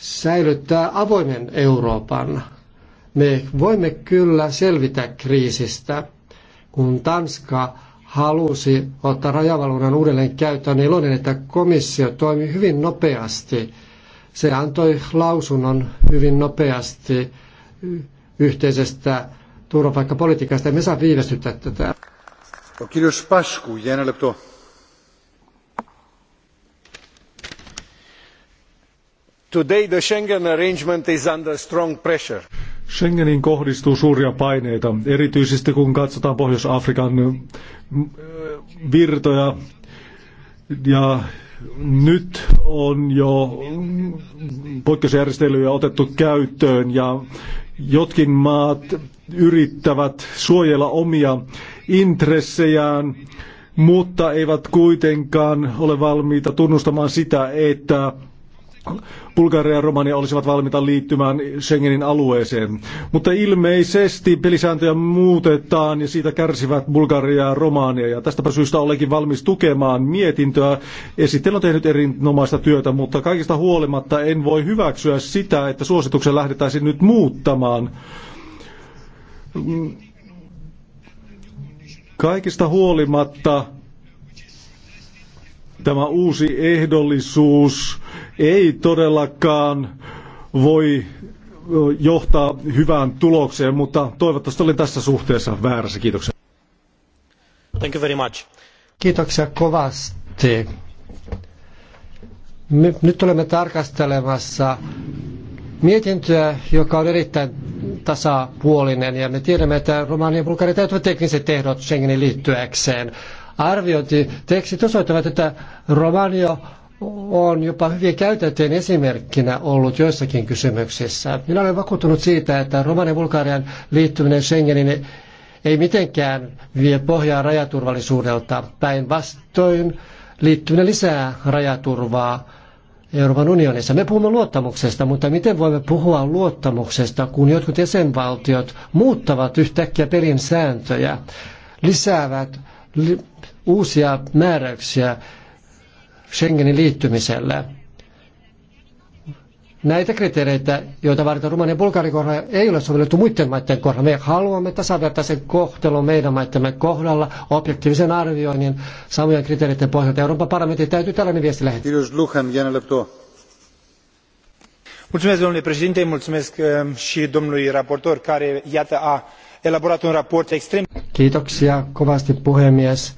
säilyttää avoimen Euroopan. Me voimme kyllä selvitä kriisistä. Kun Tanska halusi ottaa rajavalvonnan uudelleen käyttöön, niin iloinen, että komissio toimi hyvin nopeasti. Se antoi lausunnon hyvin nopeasti yhteisestä turvapaikkapolitiikasta. Me saa viivästyttää tätä. Kiitos Pasku, jäänä Today the Schengen arrangement is under strong pressure. Schengenin kohdistuu suuria paineita, erityisesti kun katsotaan Pohjois-Afrikan virtoja. Ja nyt on jo poikkeusjärjestelyjä otettu käyttöön ja jotkin maat yrittävät suojella omia intressejään, mutta eivät kuitenkaan ole valmiita tunnustamaan sitä, että Bulgaria ja Romania olisivat valmiita liittymään Schengenin alueeseen. Mutta ilmeisesti pelisääntöjä muutetaan ja siitä kärsivät Bulgaria ja Romania. Ja tästäpä syystä olenkin valmis tukemaan mietintöä. Esittely on tehnyt erinomaista työtä, mutta kaikista huolimatta en voi hyväksyä sitä, että suosituksen lähdetäisiin nyt muuttamaan. Kaikista huolimatta tämä uusi ehdollisuus ei todellakaan voi johtaa hyvään tulokseen, mutta toivottavasti olin tässä suhteessa väärässä. Kiitoksia. Thank you very much. Kiitoksia kovasti. Me nyt olemme tarkastelemassa mietintöä, joka on erittäin tasapuolinen ja me tiedämme, että Romania ja Bulgaria täyttävät tekniset ehdot Schengenin liittyäkseen. Arviointitekstit osoittavat, että Romania on jopa hyvien käytäntöjen esimerkkinä ollut joissakin kysymyksissä. Minä olen vakuuttunut siitä, että Romanian ja Bulgarian liittyminen Schengenin ei mitenkään vie pohjaa rajaturvallisuudelta. Päinvastoin liittyminen lisää rajaturvaa Euroopan unionissa. Me puhumme luottamuksesta, mutta miten voimme puhua luottamuksesta, kun jotkut jäsenvaltiot muuttavat yhtäkkiä pelin sääntöjä, lisäävät uusia määräyksiä Schengenin liittymiselle. Näitä kriteereitä, joita varten Rumanian ja Bulgarin kohdalla ei ole sovellettu muiden maiden kohdalla. Me haluamme tasavertaisen kohtelun meidän maittemme kohdalla, objektiivisen arvioinnin samojen kriteereiden pohjalta. Euroopan parlamentin täytyy tällainen viesti lähettää. Mulțumesc, domnule președinte, mulțumesc eh, și domnului raportor care, iată, a elaborat un raport extrem. Kiitoksia kovasti puhemies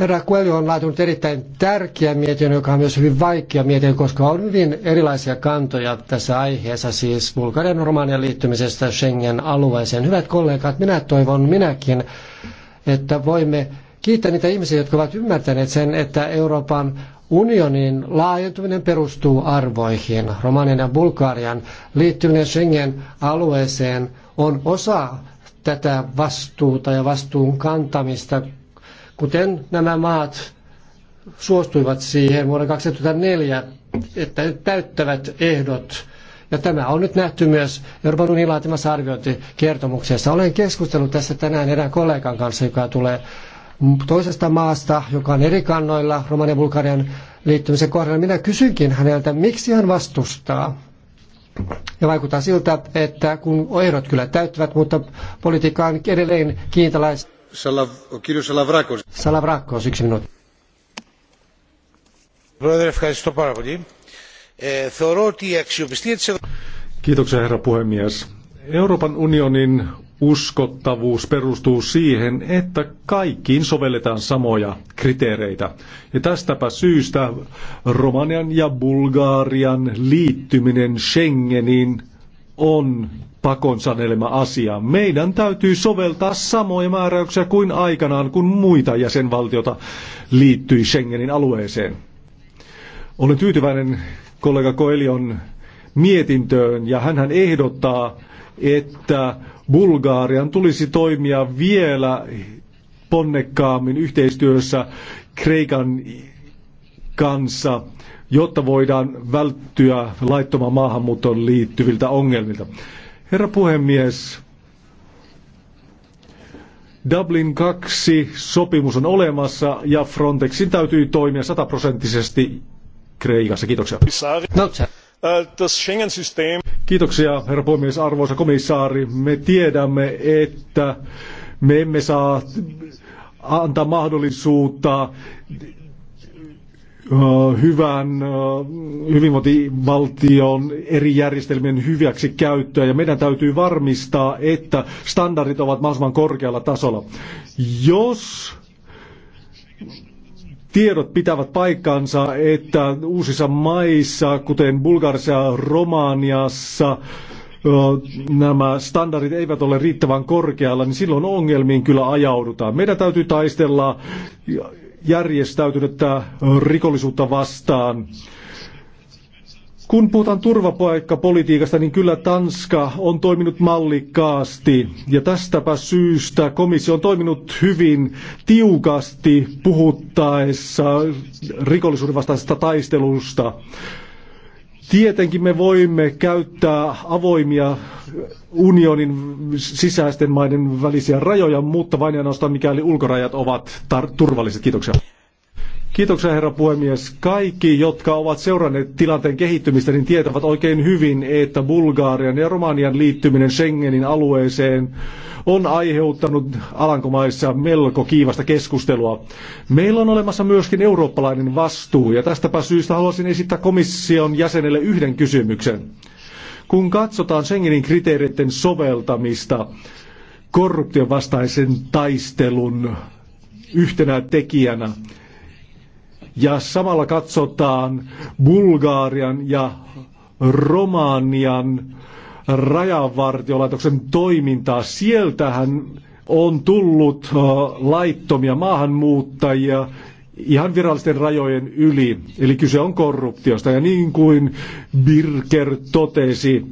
Herra Coelho on laatunut erittäin tärkeä mietinnön, joka on myös hyvin vaikea mietintö, koska on hyvin erilaisia kantoja tässä aiheessa, siis Bulgarian Romanian liittymisestä Schengen-alueeseen. Hyvät kollegat, minä toivon minäkin, että voimme kiittää niitä ihmisiä, jotka ovat ymmärtäneet sen, että Euroopan unionin laajentuminen perustuu arvoihin. Romanian ja Bulgarian liittyminen Schengen-alueeseen on osa tätä vastuuta ja vastuun kantamista kuten nämä maat suostuivat siihen vuonna 2004, että täyttävät ehdot. Ja tämä on nyt nähty myös Euroopan unionin laatimassa arviointikertomuksessa. Olen keskustellut tässä tänään erään kollegan kanssa, joka tulee toisesta maasta, joka on eri kannoilla Romanian ja Bulgarian liittymisen kohdalla. Minä kysynkin häneltä, miksi hän vastustaa. Ja vaikuttaa siltä, että kun ehdot kyllä täyttävät, mutta politiikka on edelleen kiintalaista. Salavrakos. Salavrakos, yksi minuutti. Kiitoksia herra puhemies. Euroopan unionin uskottavuus perustuu siihen, että kaikkiin sovelletaan samoja kriteereitä. Ja tästäpä syystä Romanian ja Bulgarian liittyminen Schengeniin on pakon sanelema asia. Meidän täytyy soveltaa samoja määräyksiä kuin aikanaan, kun muita jäsenvaltiota liittyi Schengenin alueeseen. Olen tyytyväinen kollega Koelion mietintöön ja hän ehdottaa, että Bulgaarian tulisi toimia vielä ponnekkaammin yhteistyössä Kreikan kanssa – jotta voidaan välttyä laittoman maahanmuuttoon liittyviltä ongelmilta. Herra puhemies, Dublin 2 sopimus on olemassa ja Frontexin täytyy toimia sataprosenttisesti Kreikassa. Kiitoksia. No, äh, Kiitoksia, herra puhemies, arvoisa komissaari. Me tiedämme, että me emme saa antaa mahdollisuutta hyvän hyvinvointivaltion eri järjestelmien hyväksi käyttöä ja meidän täytyy varmistaa, että standardit ovat mahdollisimman korkealla tasolla. Jos tiedot pitävät paikkansa, että uusissa maissa, kuten Bulgarissa ja Romaniassa, nämä standardit eivät ole riittävän korkealla, niin silloin ongelmiin kyllä ajaudutaan. Meidän täytyy taistella järjestäytynyttä rikollisuutta vastaan. Kun puhutaan turvapaikkapolitiikasta, niin kyllä Tanska on toiminut mallikkaasti ja tästäpä syystä komissio on toiminut hyvin tiukasti puhuttaessa rikollisuuden vastaisesta taistelusta. Tietenkin me voimme käyttää avoimia unionin sisäisten maiden välisiä rajoja, mutta vain ainoastaan mikäli ulkorajat ovat turvalliset. Kiitoksia. Kiitoksia herra puhemies. Kaikki, jotka ovat seuranneet tilanteen kehittymistä, niin tietävät oikein hyvin, että Bulgarian ja Romanian liittyminen Schengenin alueeseen on aiheuttanut Alankomaissa melko kiivasta keskustelua. Meillä on olemassa myöskin eurooppalainen vastuu, ja tästäpä syystä haluaisin esittää komission jäsenelle yhden kysymyksen. Kun katsotaan Schengenin kriteereiden soveltamista korruption vastaisen taistelun yhtenä tekijänä, ja samalla katsotaan Bulgarian ja Romanian rajavartiolaitoksen toimintaa. Sieltähän on tullut laittomia maahanmuuttajia ihan virallisten rajojen yli. Eli kyse on korruptiosta. Ja niin kuin Birker totesi,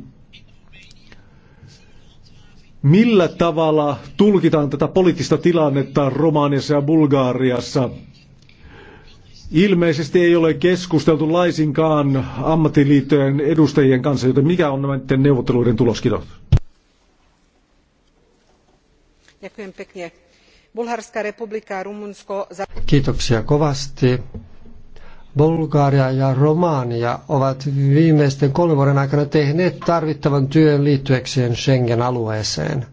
millä tavalla tulkitaan tätä poliittista tilannetta Romaniassa ja Bulgaariassa – Ilmeisesti ei ole keskusteltu laisinkaan ammattiliittojen edustajien kanssa, joten mikä on näiden neuvotteluiden tulos? Kiitos. Kiitoksia kovasti. Bulgaria ja Romania ovat viimeisten kolmen vuoden aikana tehneet tarvittavan työn liittyekseen Schengen-alueeseen.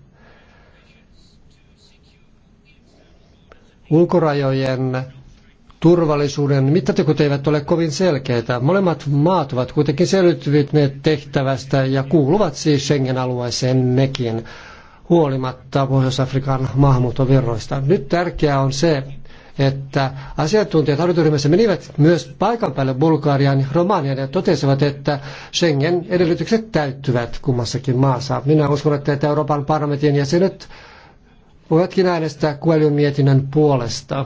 Ulkorajojen turvallisuuden mittatekot eivät ole kovin selkeitä. Molemmat maat ovat kuitenkin selviytyneet tehtävästä ja kuuluvat siis Schengen-alueeseen nekin huolimatta Pohjois-Afrikan maahanmuuttovirroista. Nyt tärkeää on se, että asiantuntijat harjoitusryhmässä menivät myös paikan päälle Bulgarian ja Romanian ja totesivat, että Schengen edellytykset täyttyvät kummassakin maassa. Minä uskon, että Euroopan parlamentin jäsenet voivatkin äänestää Kuelion mietinnön puolesta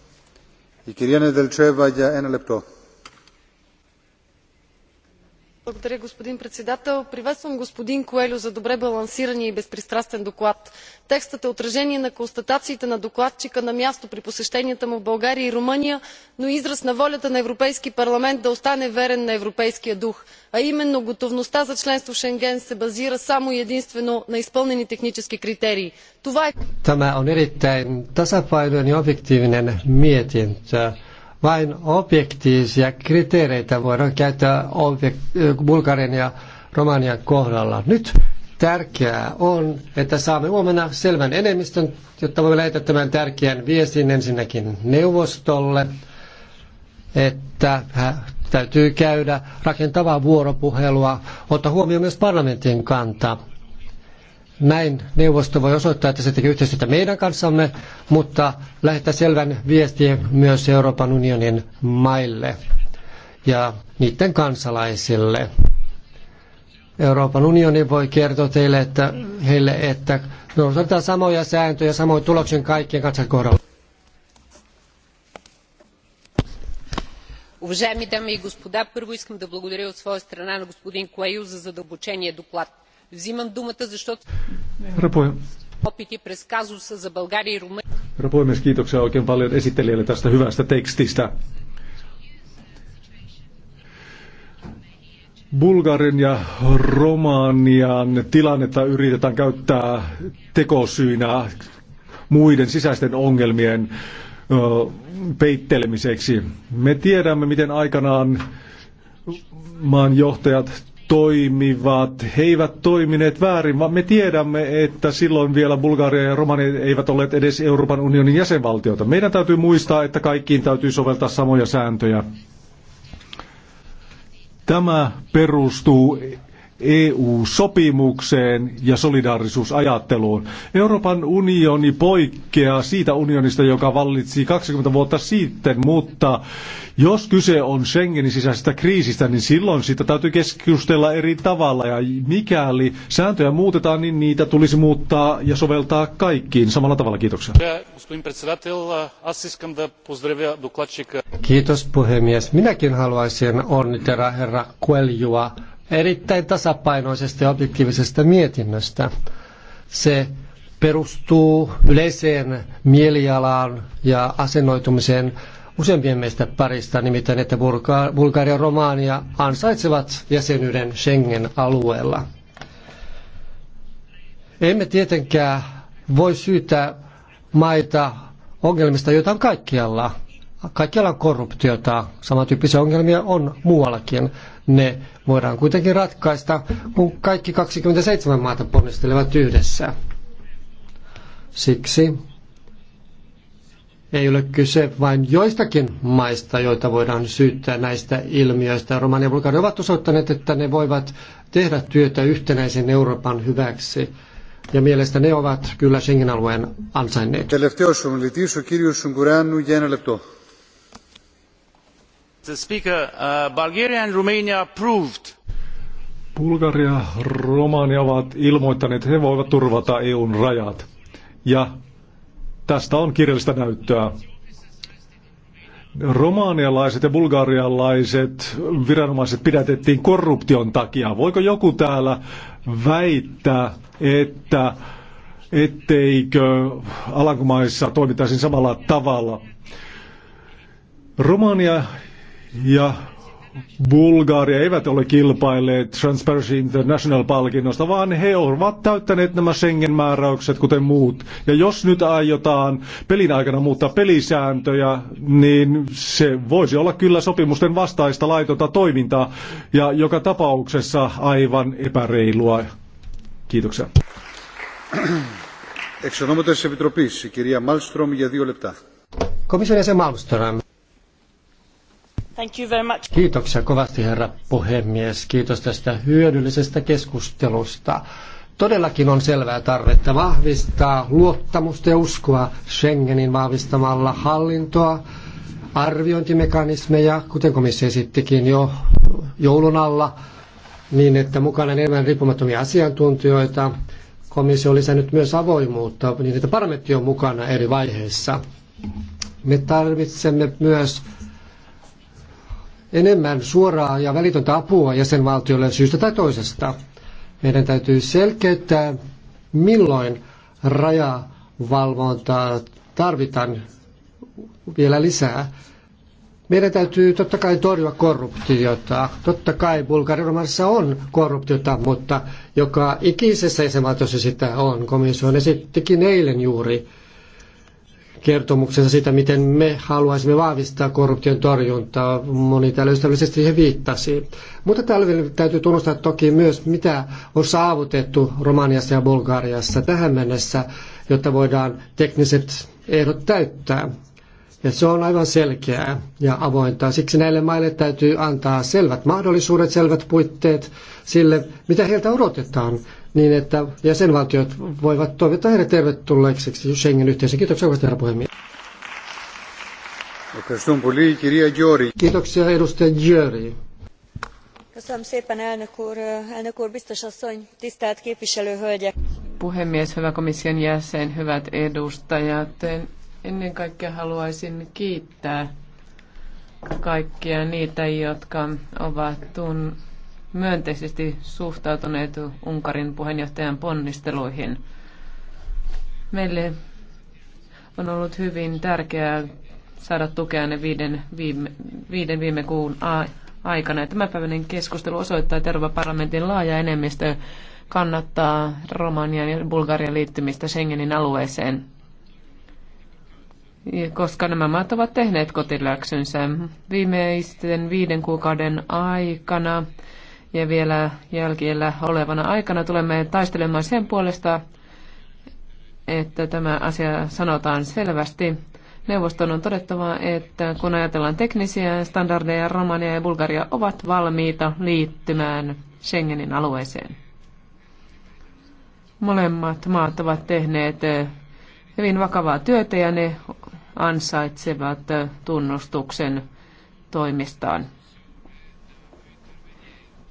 Η κυρία Νεδελτσέβα για ένα λεπτό. Благодаря, господин председател. Приветствам господин Коелho за добре балансирания и безпристрастен доклад. Текстът е отражение на констатациите на докладчика на място при посещенията му в България и Румъния, но е израз на волята на Европейския парламент да остане верен на европейския дух, а именно готовността за членство в Шенген се базира само и единствено на изпълнени технически критерии. Това е... Tämä on erittäin tasapainoinen ja objektiivinen mietintö vain objektiivisia kriteereitä voidaan käyttää Bulgarian ja Romanian kohdalla. Nyt tärkeää on, että saamme huomenna selvän enemmistön, jotta voimme lähettää tämän tärkeän viestin ensinnäkin neuvostolle, että täytyy käydä rakentavaa vuoropuhelua, ottaa huomioon myös parlamentin kantaa. Näin neuvosto voi osoittaa, että se tekee yhteistyötä meidän kanssamme, mutta lähettää selvän viestin myös Euroopan unionin maille ja niiden kansalaisille. Euroopan unioni voi kertoa teille, että, heille, että noudatetaan samoja sääntöjä, samoin tuloksen kaikkien kansan kohdalla. Уважаеми дами и господа, първо искам да благодаря от своя страна на господин Коел за задълбочения доклад Взимам думата, защото опити през казуса за България и Румъния. Herra puhemies, kiitoksia oikein paljon esittelijälle tästä hyvästä tekstistä. Bulgarin ja Romanian tilannetta yritetään käyttää tekosyynä muiden sisäisten ongelmien peittelemiseksi. Me tiedämme, miten aikanaan maan johtajat toimivat. He eivät toimineet väärin, vaan me tiedämme, että silloin vielä Bulgaria ja Romania eivät olleet edes Euroopan unionin jäsenvaltioita. Meidän täytyy muistaa, että kaikkiin täytyy soveltaa samoja sääntöjä. Tämä perustuu EU-sopimukseen ja solidaarisuusajatteluun. Euroopan unioni poikkeaa siitä unionista, joka vallitsi 20 vuotta sitten, mutta jos kyse on Schengenin sisäisestä kriisistä, niin silloin sitä täytyy keskustella eri tavalla. Ja mikäli sääntöjä muutetaan, niin niitä tulisi muuttaa ja soveltaa kaikkiin samalla tavalla. Kiitoksia. Kiitos puhemies. Minäkin haluaisin onnitella herra Kueljua erittäin tasapainoisesta ja objektiivisesta mietinnöstä. Se perustuu yleiseen mielialaan ja asennoitumiseen useimpien meistä parista, nimittäin että Bulgaria ja Romania ansaitsevat jäsenyyden Schengen-alueella. Emme tietenkään voi syytää maita ongelmista, joita on kaikkialla. Kaikkialla on korruptiota, samantyyppisiä ongelmia on muuallakin ne voidaan kuitenkin ratkaista, kun kaikki 27 maata ponnistelevat yhdessä. Siksi ei ole kyse vain joistakin maista, joita voidaan syyttää näistä ilmiöistä. Romania ja Bulgaria ovat osoittaneet, että ne voivat tehdä työtä yhtenäisen Euroopan hyväksi. Ja mielestäni ne ovat kyllä Schengen-alueen ansainneet. Τελευταίος ομιλητής, ο κύριος Uh, Bulgaria ja Romania ovat ilmoittaneet, että he voivat turvata EUn rajat. Ja tästä on kirjallista näyttöä. Romanialaiset ja bulgarialaiset viranomaiset pidätettiin korruption takia. Voiko joku täällä väittää, että etteikö Alankomaissa toimittaisiin samalla tavalla? Romania ja Bulgaria eivät ole kilpailleet Transparency International-palkinnosta, vaan he ovat täyttäneet nämä Schengen-määräykset, kuten muut. Ja jos nyt aiotaan pelin aikana muuttaa pelisääntöjä, niin se voisi olla kyllä sopimusten vastaista laitonta toimintaa, ja joka tapauksessa aivan epäreilua. Kiitoksia. Εξ Επιτροπής, η κυρία Μάλστρομ για δύο λεπτά. Komission jäsen Malmström, Thank you very much. Kiitoksia kovasti herra puhemies. Kiitos tästä hyödyllisestä keskustelusta. Todellakin on selvää tarvetta vahvistaa luottamusta ja uskoa Schengenin vahvistamalla hallintoa, arviointimekanismeja, kuten komissio esittikin jo joulun alla, niin että mukana on enemmän riippumattomia asiantuntijoita. Komissio on lisännyt myös avoimuutta, niin että parlamentti on mukana eri vaiheissa. Me tarvitsemme myös enemmän suoraa ja välitöntä apua jäsenvaltioille syystä tai toisesta. Meidän täytyy selkeyttää, milloin rajavalvontaa tarvitaan vielä lisää. Meidän täytyy totta kai torjua korruptiota. Totta kai Bulgarian on korruptiota, mutta joka ikisessä jäsenvaltiossa sitä on. Komissio esittikin eilen juuri kertomuksensa siitä, miten me haluaisimme vahvistaa korruption torjuntaa. Moni täällä ystävällisesti siihen viittasi. Mutta täällä täytyy tunnustaa toki myös, mitä on saavutettu Romaniassa ja Bulgariassa tähän mennessä, jotta voidaan tekniset ehdot täyttää. Ja se on aivan selkeää ja avointa. Siksi näille maille täytyy antaa selvät mahdollisuudet, selvät puitteet sille, mitä heiltä odotetaan niin, että jäsenvaltiot voivat toivottaa heidät tervetulleeksi Schengen-yhteisöön. Kiitoksia, arvoisa herra puhemies. Kiitoksia, edustaja Jöri. Puhemies, hyvä komission jäsen, hyvät edustajat. Ennen kaikkea haluaisin kiittää kaikkia niitä, jotka ovat tun- myönteisesti suhtautuneet Unkarin puheenjohtajan ponnisteluihin. Meille on ollut hyvin tärkeää saada tukea ne viiden viime, viiden viime kuun a- aikana. Tämänpäiväinen keskustelu osoittaa, että Euroopan parlamentin laaja enemmistö kannattaa Romanian ja Bulgarian liittymistä Schengenin alueeseen. Koska nämä maat ovat tehneet kotiläksynsä viimeisten viiden kuukauden aikana, ja vielä jälkiellä olevana aikana tulemme taistelemaan sen puolesta, että tämä asia sanotaan selvästi. Neuvoston on todettava, että kun ajatellaan teknisiä standardeja, Romania ja Bulgaria ovat valmiita liittymään Schengenin alueeseen. Molemmat maat ovat tehneet eh, hyvin vakavaa työtä ja ne ansaitsevat eh, tunnustuksen toimistaan.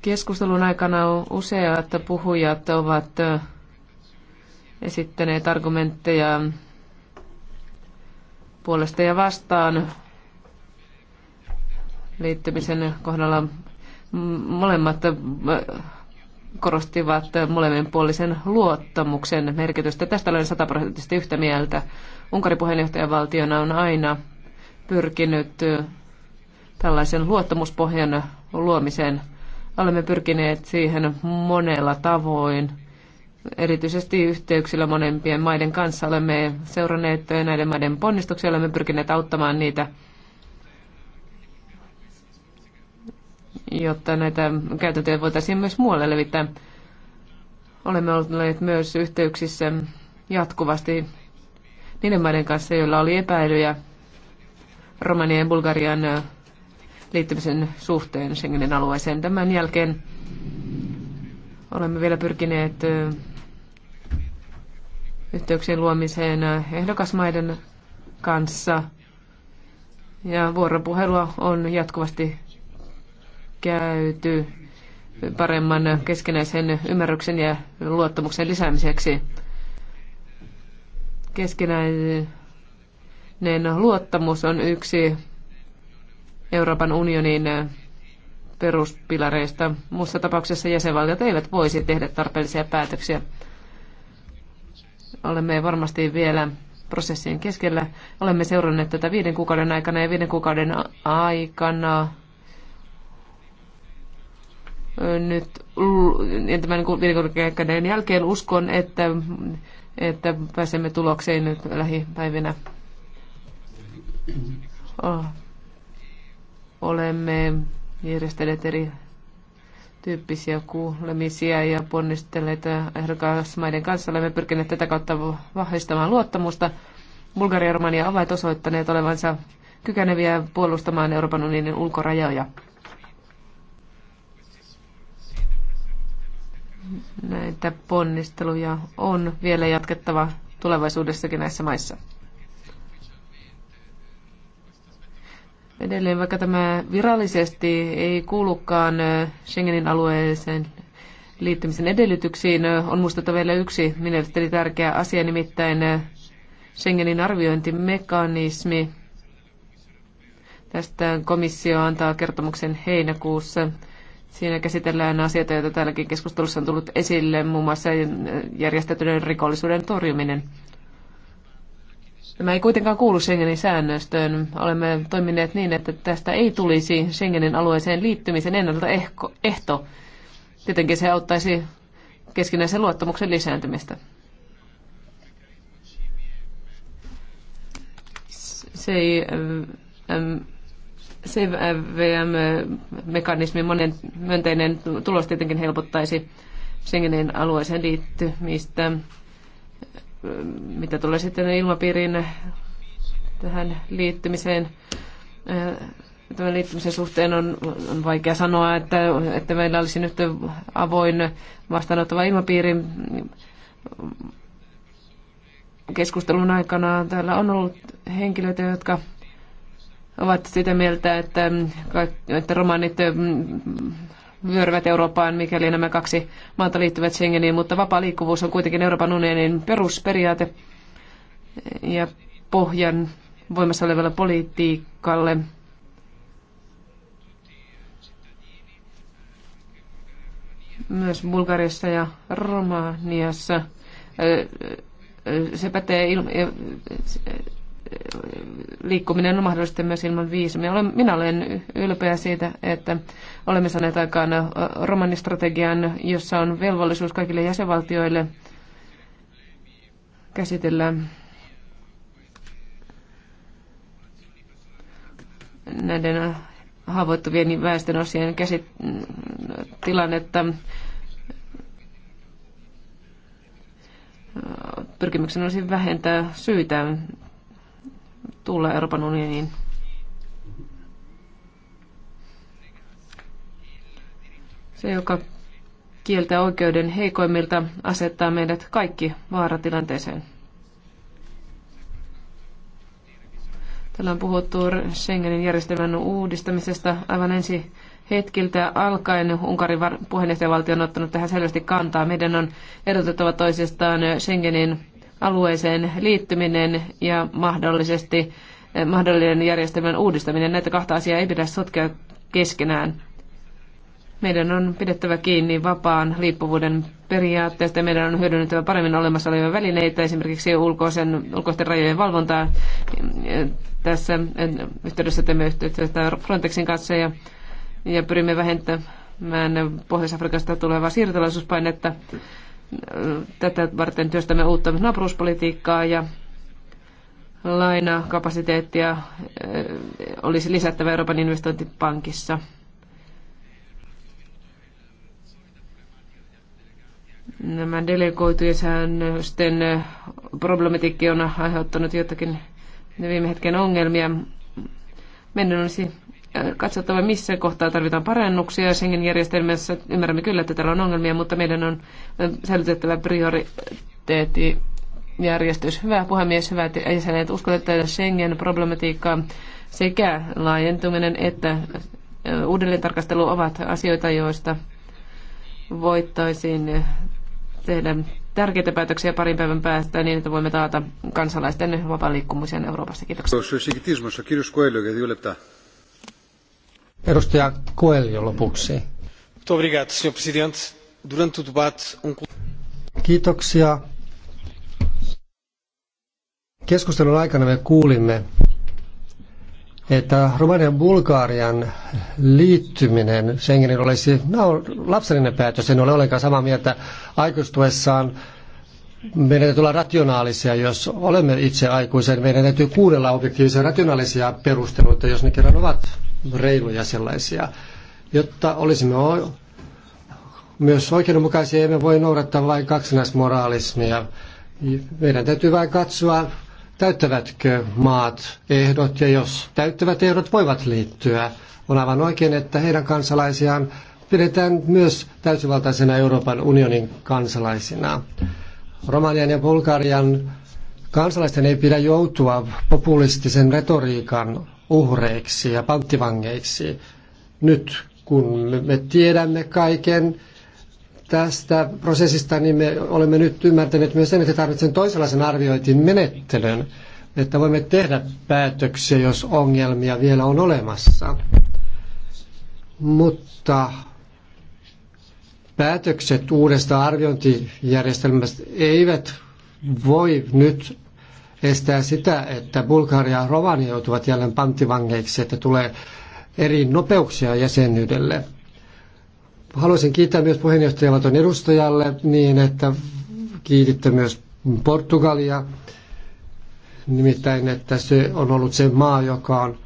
Keskustelun aikana on useat puhujat ovat esittäneet argumentteja puolesta ja vastaan liittymisen kohdalla molemmat korostivat molemminpuolisen luottamuksen merkitystä. Tästä olen sataprosenttisesti yhtä mieltä. Unkarin puheenjohtajavaltiona on aina pyrkinyt tällaisen luottamuspohjan luomiseen – Olemme pyrkineet siihen monella tavoin. Erityisesti yhteyksillä monempien maiden kanssa olemme seuranneet näiden maiden ponnistuksia, olemme pyrkineet auttamaan niitä, jotta näitä käytäntöjä voitaisiin myös muualle levittää. Olemme olleet myös yhteyksissä jatkuvasti niiden maiden kanssa, joilla oli epäilyjä Romanian ja Bulgarian liittymisen suhteen Schengenin alueeseen. Tämän jälkeen olemme vielä pyrkineet yhteyksien luomiseen ehdokasmaiden kanssa. Ja vuoropuhelua on jatkuvasti käyty paremman keskinäisen ymmärryksen ja luottamuksen lisäämiseksi. Keskinäinen luottamus on yksi Euroopan unionin eh, peruspilareista. Muussa tapauksessa jäsenvaltiot eivät voisi tehdä tarpeellisia päätöksiä. Olemme varmasti vielä prosessien keskellä. Olemme seuranneet tätä viiden kuukauden aikana ja viiden kuukauden aikana eh, nyt tämän viiden jälkeen uskon, että, että pääsemme tulokseen nyt lähipäivinä. Oh olemme järjestäneet eri tyyppisiä kuulemisia ja ponnistelleet ehdokasmaiden kanssa. Olemme pyrkineet tätä kautta vahvistamaan luottamusta. Bulgaria ja Romania ovat osoittaneet olevansa kykeneviä puolustamaan Euroopan unionin ulkorajoja. Näitä ponnisteluja on vielä jatkettava tulevaisuudessakin näissä maissa. Edelleen, vaikka tämä virallisesti ei kuulukaan Schengenin alueeseen liittymisen edellytyksiin, on muistettava vielä yksi mielestäni tärkeä asia, nimittäin Schengenin arviointimekanismi. Tästä komissio antaa kertomuksen heinäkuussa. Siinä käsitellään asioita, joita täälläkin keskustelussa on tullut esille, muun muassa järjestetyn rikollisuuden torjuminen. Tämä ei kuitenkaan kuulu Schengenin säännöstöön. Olemme toimineet niin, että tästä ei tulisi Schengenin alueeseen liittymisen ennalta ehto. Tietenkin se auttaisi keskinäisen luottamuksen lisääntymistä. Se ei CVM-mekanismin monen myönteinen tulos tietenkin helpottaisi Schengenin alueeseen liittymistä mitä tulee sitten ilmapiirin tähän liittymiseen, äh, tämän liittymisen suhteen on, on vaikea sanoa, että, että meillä olisi nyt avoin vastaanottava ilmapiiri. Keskustelun aikana täällä on ollut henkilöitä, jotka ovat sitä mieltä, että, että romaanit. Mm, vyöryvät Eurooppaan, mikäli nämä kaksi maata liittyvät Schengeniin, mutta vapaa liikkuvuus on kuitenkin Euroopan unionin perusperiaate ja pohjan voimassa olevalle politiikalle. Myös Bulgariassa ja Romaniassa se pätee ilma- liikkuminen on mahdollista myös ilman viisumia. Olen, minä olen ylpeä siitä, että olemme saaneet aikaan romanistrategian, jossa on velvollisuus kaikille jäsenvaltioille käsitellä näiden haavoittuvien osien käsit- tilannetta. Pyrkimyksen olisi vähentää syitä tulla Euroopan unioniin. Se, joka kieltää oikeuden heikoimmilta, asettaa meidät kaikki vaaratilanteeseen. Täällä on puhuttu Schengenin järjestelmän uudistamisesta aivan ensi hetkiltä alkaen. Unkarin puheenjohtajavaltio on ottanut tähän selvästi kantaa. Meidän on erotettava toisistaan Schengenin alueeseen liittyminen ja mahdollisesti eh, mahdollinen järjestelmän uudistaminen. Näitä kahta asiaa ei pidä sotkea keskenään. Meidän on pidettävä kiinni vapaan liippuvuuden periaatteesta ja meidän on hyödynnettävä paremmin olemassa olevia välineitä, esimerkiksi ulkoisen, ulkoisten rajojen valvontaa. Eh, tässä yhteydessä teemme yhteyttä Frontexin kanssa ja, ja pyrimme vähentämään Pohjois-Afrikasta tulevaa siirtolaisuuspainetta. Tätä varten työstämme uutta naapuruspolitiikkaa ja lainakapasiteettia äh, olisi lisättävä Euroopan investointipankissa. Nämä delegoitujen säännösten problematiikki on aiheuttanut jotakin viime hetken ongelmia. Meidän olisi katsottava, missä kohtaa tarvitaan parannuksia Schengen-järjestelmässä. Ymmärrämme kyllä, että täällä on ongelmia, mutta meidän on säilytettävä prioriteetti järjestys. Hyvä puhemies, hyvä jäsenet. Uskon, että Schengen-problematiikka sekä laajentuminen että uudelleentarkastelu ovat asioita, joista voittaisiin tehdä tärkeitä päätöksiä parin päivän päästä niin, että voimme taata kansalaisten vapaan liikkumisen Euroopassa. Kiitoksia. Edustaja Coelho lopuksi. Um Kiitoksia. Keskustelun aikana me kuulimme, että Romanian Bulgarian liittyminen Schengenin olisi no, lapsellinen päätös. En ole ollenkaan samaa mieltä aikuistuessaan. Meidän täytyy olla rationaalisia, jos olemme itse aikuisen. Niin meidän täytyy kuunnella objektiivisia rationaalisia perusteluita, jos ne kerran ovat reiluja sellaisia. Jotta olisimme myös oikeudenmukaisia, emme voi noudattaa vain kaksinaismoraalismia. Meidän täytyy vain katsoa, täyttävätkö maat ehdot, ja jos täyttävät ehdot voivat liittyä. On aivan oikein, että heidän kansalaisiaan pidetään myös täysivaltaisena Euroopan unionin kansalaisina. Romanian ja Bulgarian Kansalaisten ei pidä joutua populistisen retoriikan uhreiksi ja panttivangeiksi. Nyt kun me tiedämme kaiken tästä prosessista, niin me olemme nyt ymmärtäneet myös sen, että tarvitsemme toisenlaisen arviointin menettelyn, että voimme tehdä päätöksiä, jos ongelmia vielä on olemassa. Mutta päätökset uudesta arviointijärjestelmästä eivät voi nyt estää sitä, että Bulgaria ja Romania joutuvat jälleen panttivangeiksi, että tulee eri nopeuksia jäsenyydelle. Haluaisin kiittää myös puheenjohtajalaton edustajalle niin, että kiititte myös Portugalia. Nimittäin, että se on ollut se maa, joka on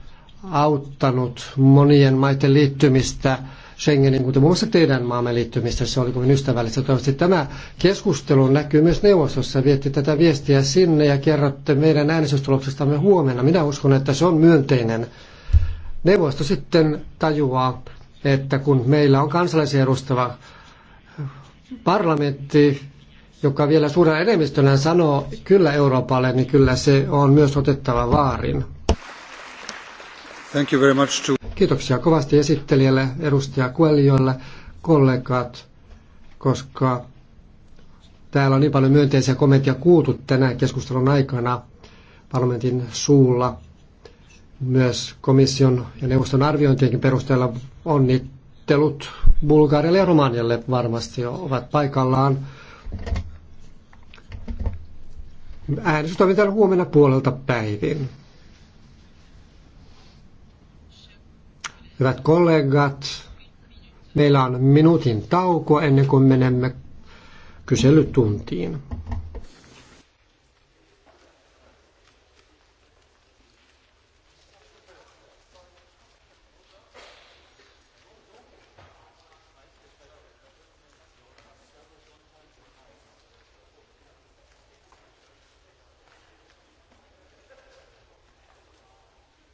auttanut monien maiden liittymistä Schengenin, kuten muun muassa teidän maamme liittymistä. Se oli kovin ystävällistä. Toivottavasti tämä keskustelu näkyy myös neuvostossa. Vietti tätä viestiä sinne ja kerrotte meidän äänestystuloksestamme huomenna. Minä uskon, että se on myönteinen. Neuvosto sitten tajuaa, että kun meillä on kansalaisia edustava parlamentti, joka vielä suurena enemmistönä sanoo kyllä Euroopalle, niin kyllä se on myös otettava vaarin. Thank you very much to... Kiitoksia kovasti esittelijälle, edustaja kuelliolle, kollegat, koska täällä on niin paljon myönteisiä kommentteja kuultu tänään keskustelun aikana parlamentin suulla. Myös komission ja neuvoston arviointienkin perusteella onnittelut Bulgarialle ja Romanialle varmasti ovat paikallaan. Äänestystoiminta on huomenna puolelta päivin. Hyvät kollegat, meillä on minuutin tauko ennen kuin menemme kyselytuntiin.